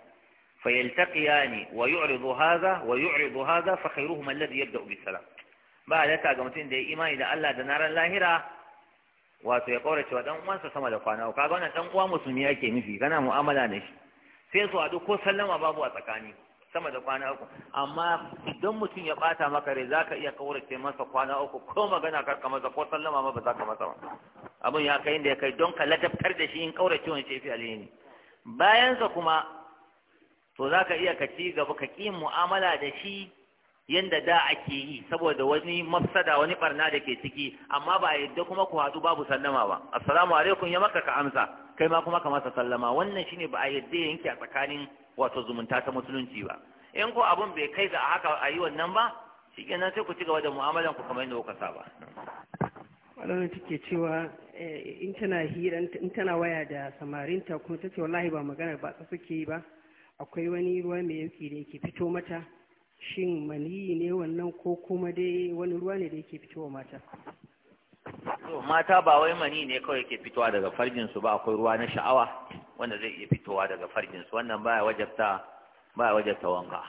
فيلتقيان salasin. هذا ويعرض هذا فخيرهما الذي يبدأ بالسلام ba da ta ga mutum da ya imani da Allah da naran lahira wato ya kaurace cewa dan uwansa sama da kwana kaga wannan dan uwa musulmi yake nufi kana mu'amala da shi sai su haɗu ko sallama babu a tsakani sama da kwana uku amma idan mutum ya bata maka rai zaka iya ce masa kwana uku ko magana ka masa ko sallama ma ba za ka masa ba abin ya kai inda ya kai don ka ladabtar da shi in kaurace wani ce fi bayan bayansa kuma to za iya ka ci gaba ka ƙi mu'amala da shi Yadda da ake yi saboda wani mafsada wani barna da ke ciki amma ba yadda kuma ku hadu babu sallama ba assalamu alaikum ya maka ka amsa kai ma kuma ka masa sallama wannan shine ba a yadda yanke a tsakanin wato zumunta ta musulunci ba in ko abun bai kai ga haka a yi wannan ba shikenan sai ku ci gaba da mu'amalan ku kamar yadda kuka saba wadanda take cewa eh, in tana hira in tana waya da samarinta kuma tace wallahi ba magana ba ta suke yi ba akwai wani ruwa mai yanki da yake fito mata shin maniyi ne wannan ko kuma dai wani ruwa ne da yake fitowa mata mata ba wai mani ne kawai ke fitowa daga farjinsu ba akwai ruwa na sha'awa wanda zai iya fitowa daga farjinsu wannan baya wajabta baya wajabta wanka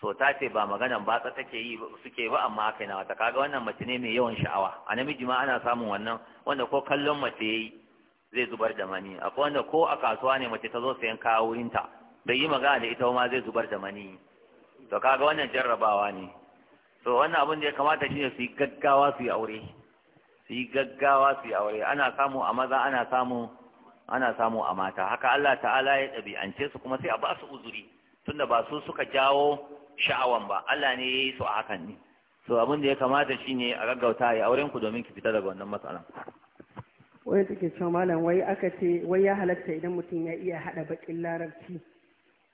so ta ce ba maganan ta take yi suke ba amma haka yana wata kaga wannan mace ne mai yawan sha'awa a namiji ma ana samun wannan wanda ko kallon mace yayi zai zubar da mani akwai wanda ko a kasuwa ne mace ta zo sayan kaya wurinta bai yi magana da ita ma zai zubar da mani to kaga wannan jarrabawa ne to wannan abin da ya kamata ne su yi gaggawa su yi aure su yi gaggawa su yi aure ana samu a maza ana samu ana samu a mata haka Allah ta'ala ya ɗabi'ance su kuma sai a ba su uzuri tunda ba su suka jawo sha'awan ba Allah ne ya yi su a hakan ne to abin da ya kamata shi ne a gaggauta ya auren ku domin ki fita daga wannan matsalan wai take cewa malam wai aka ce wai ya halatta idan mutum ya iya hada bakin larabci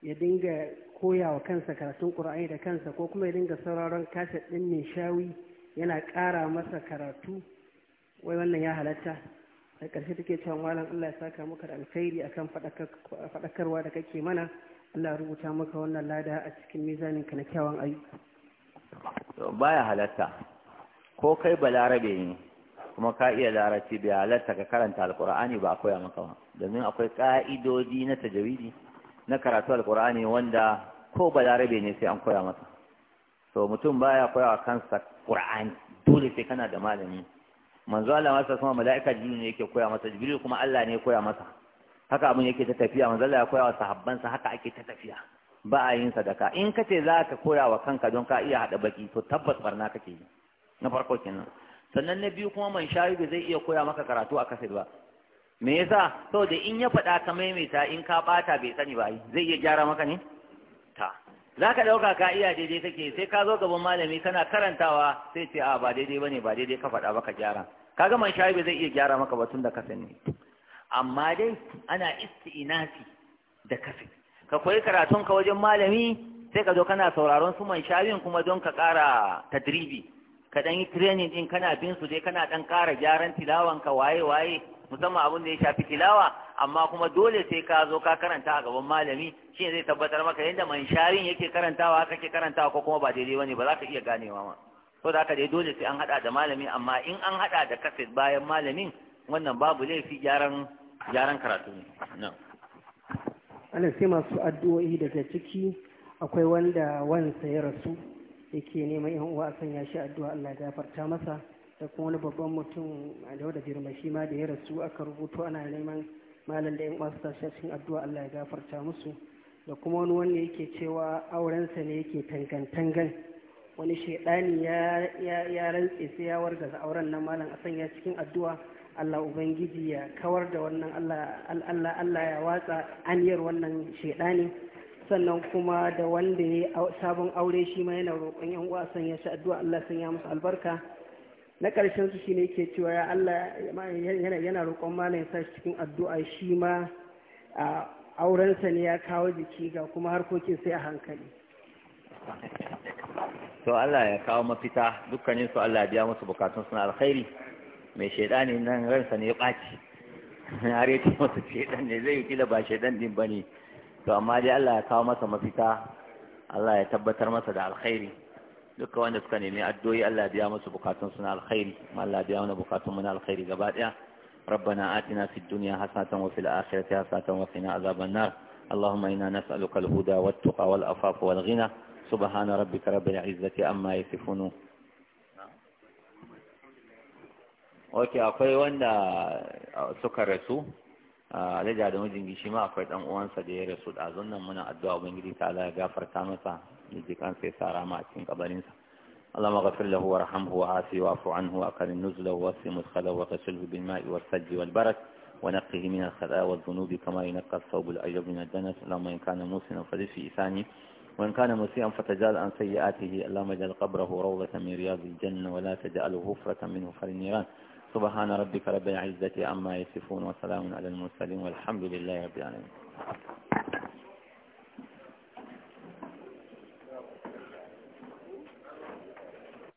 ya dinga koya wa kansa karatun ƙur'ani da kansa ko kuma ya dinga sauraron kaset ɗin mai shawi yana ƙara masa karatu wai wannan ya halatta a ƙarshe take cewa malam Allah ya saka maka da alkhairi akan faɗakarwa da kake mana Allah ya rubuta maka wannan lada a cikin mizanin ka na kyawun ayyuka baya halatta ko kai balarabe ne kuma ka iya larabci bai halatta ka karanta alkur'ani ba a koya maka ba domin akwai ƙa'idodi na tajawidi na karatu alkur'ani wanda ko balarabe ne sai an koya masa so mutum baya koya wa kansa qur'ani dole sai kana da malami manzo Allah sa kuma mala'ika jibril ne yake koya masa jibril kuma Allah ne ya koya masa haka abin yake ta tafiya manzo Allah ya koya wa sahabbansa haka ake ta tafiya ba a yin sadaka in ka ce za ka koya wa kanka don ka iya hada baki to tabbas barna kake yi na farko kenan sannan na biyu kuma man shayi zai iya koya maka karatu a kasar ba me yasa saboda in ya faɗa ka maimaita in ka ɓata bai sani ba zai iya gyara maka ne ta za ka ɗauka ka iya daidai kake sai ka zo gaban malami kana karantawa sai ce a ba daidai bane ba daidai ka faɗa ba gyara kaga man shayi zai iya gyara maka ba tun da ka sani amma dai ana isti'inafi da kafi ka koyi karatun ka wajen malami sai ka zo kana sauraron su man shayin kuma don ka ƙara tadribi ka ɗan yi training ɗin kana bin su dai kana ɗan ƙara gyaran tilawanka waye waye musamman abin da ya shafi tilawa amma kuma dole sai ka zo ka karanta a gaban malami shi zai tabbatar maka yadda man sharin yake karantawa haka ke karantawa ko kuma ba daidai bane ba za ka iya ganewa ma ko da haka dai dole sai an hada da malami amma in an hada da kaset bayan malamin wannan babu laifi gyaran gyaran karatu ne sai masu addu'o'i daga ciki akwai wanda wansa ya rasu yake neman yan uwa a sanya shi addu'a Allah ya gafarta masa da kuma wani babban mutum a da girma shi ma da ya rasu aka rubuto ana neman malam da yan uwa su tashi cikin addu'a Allah ya gafarta musu da kuma wani wanda yake cewa aurensa ne yake tangan-tangan wani shaidani ya rantse sai ya wargaza auren nan malam a sanya cikin addu'a Allah ubangiji ya kawar da wannan Allah Allah ya watsa aniyar wannan shaidani sannan kuma da wanda ya sabon aure shi ma yana roƙon yan uwa sanya shi addu'a Allah sanya musu albarka na ƙarshen su shine ke cewa ya Allah yana roƙon malam sa cikin addu'a shi ma a aurensa ne ya kawo jiki ga kuma harkokin sai a hankali to Allah ya kawo mafita dukkanin su Allah ya biya musu bukatun suna alkhairi mai shaidani nan ransa ne ya ɓaci har yake masa shaidan ne zai kila ba ne din bane to amma dai Allah ya kawo masa mafita Allah ya tabbatar masa da alkhairi duka wanda suka nemi addu'o'i Allah biya musu bukatun suna alkhairi kuma Allah biya mana bukatun mu na alkhairi gaba daya ربنا آتنا في الدنيا حسنة وفي الآخرة حسنة وقنا عذاب النار اللهم إنا نسألك الهدى والتقى والأفاف والغنى سبحان ربك رب العزة أما يصفون Oke akwai wanda suka rasu alhaji da mijin gishi ma akwai dan uwansa da ya rasu da zunnan muna addu'a ubangiji ta Allah ya gafarta masa يجي كان في سارة ما أتين قبرينسا اللهم اغفر له ورحمه وعافي وعف عنه وأكل النزل واسع مدخله وغسله بالماء والسج والبرك ونقه من الخلاء والذنوب كما ينقى الثوب الأجر من الدنس اللهم إن كان موسنا فذي في إثاني وإن كان مسيئا فتجال عن سيئاته اللهم اجعل قبره روضة من رياض الجنة ولا تجعله غفرة منه فالنيران سبحان ربك رب العزة أما يصفون وسلام على المرسلين والحمد لله رب العالمين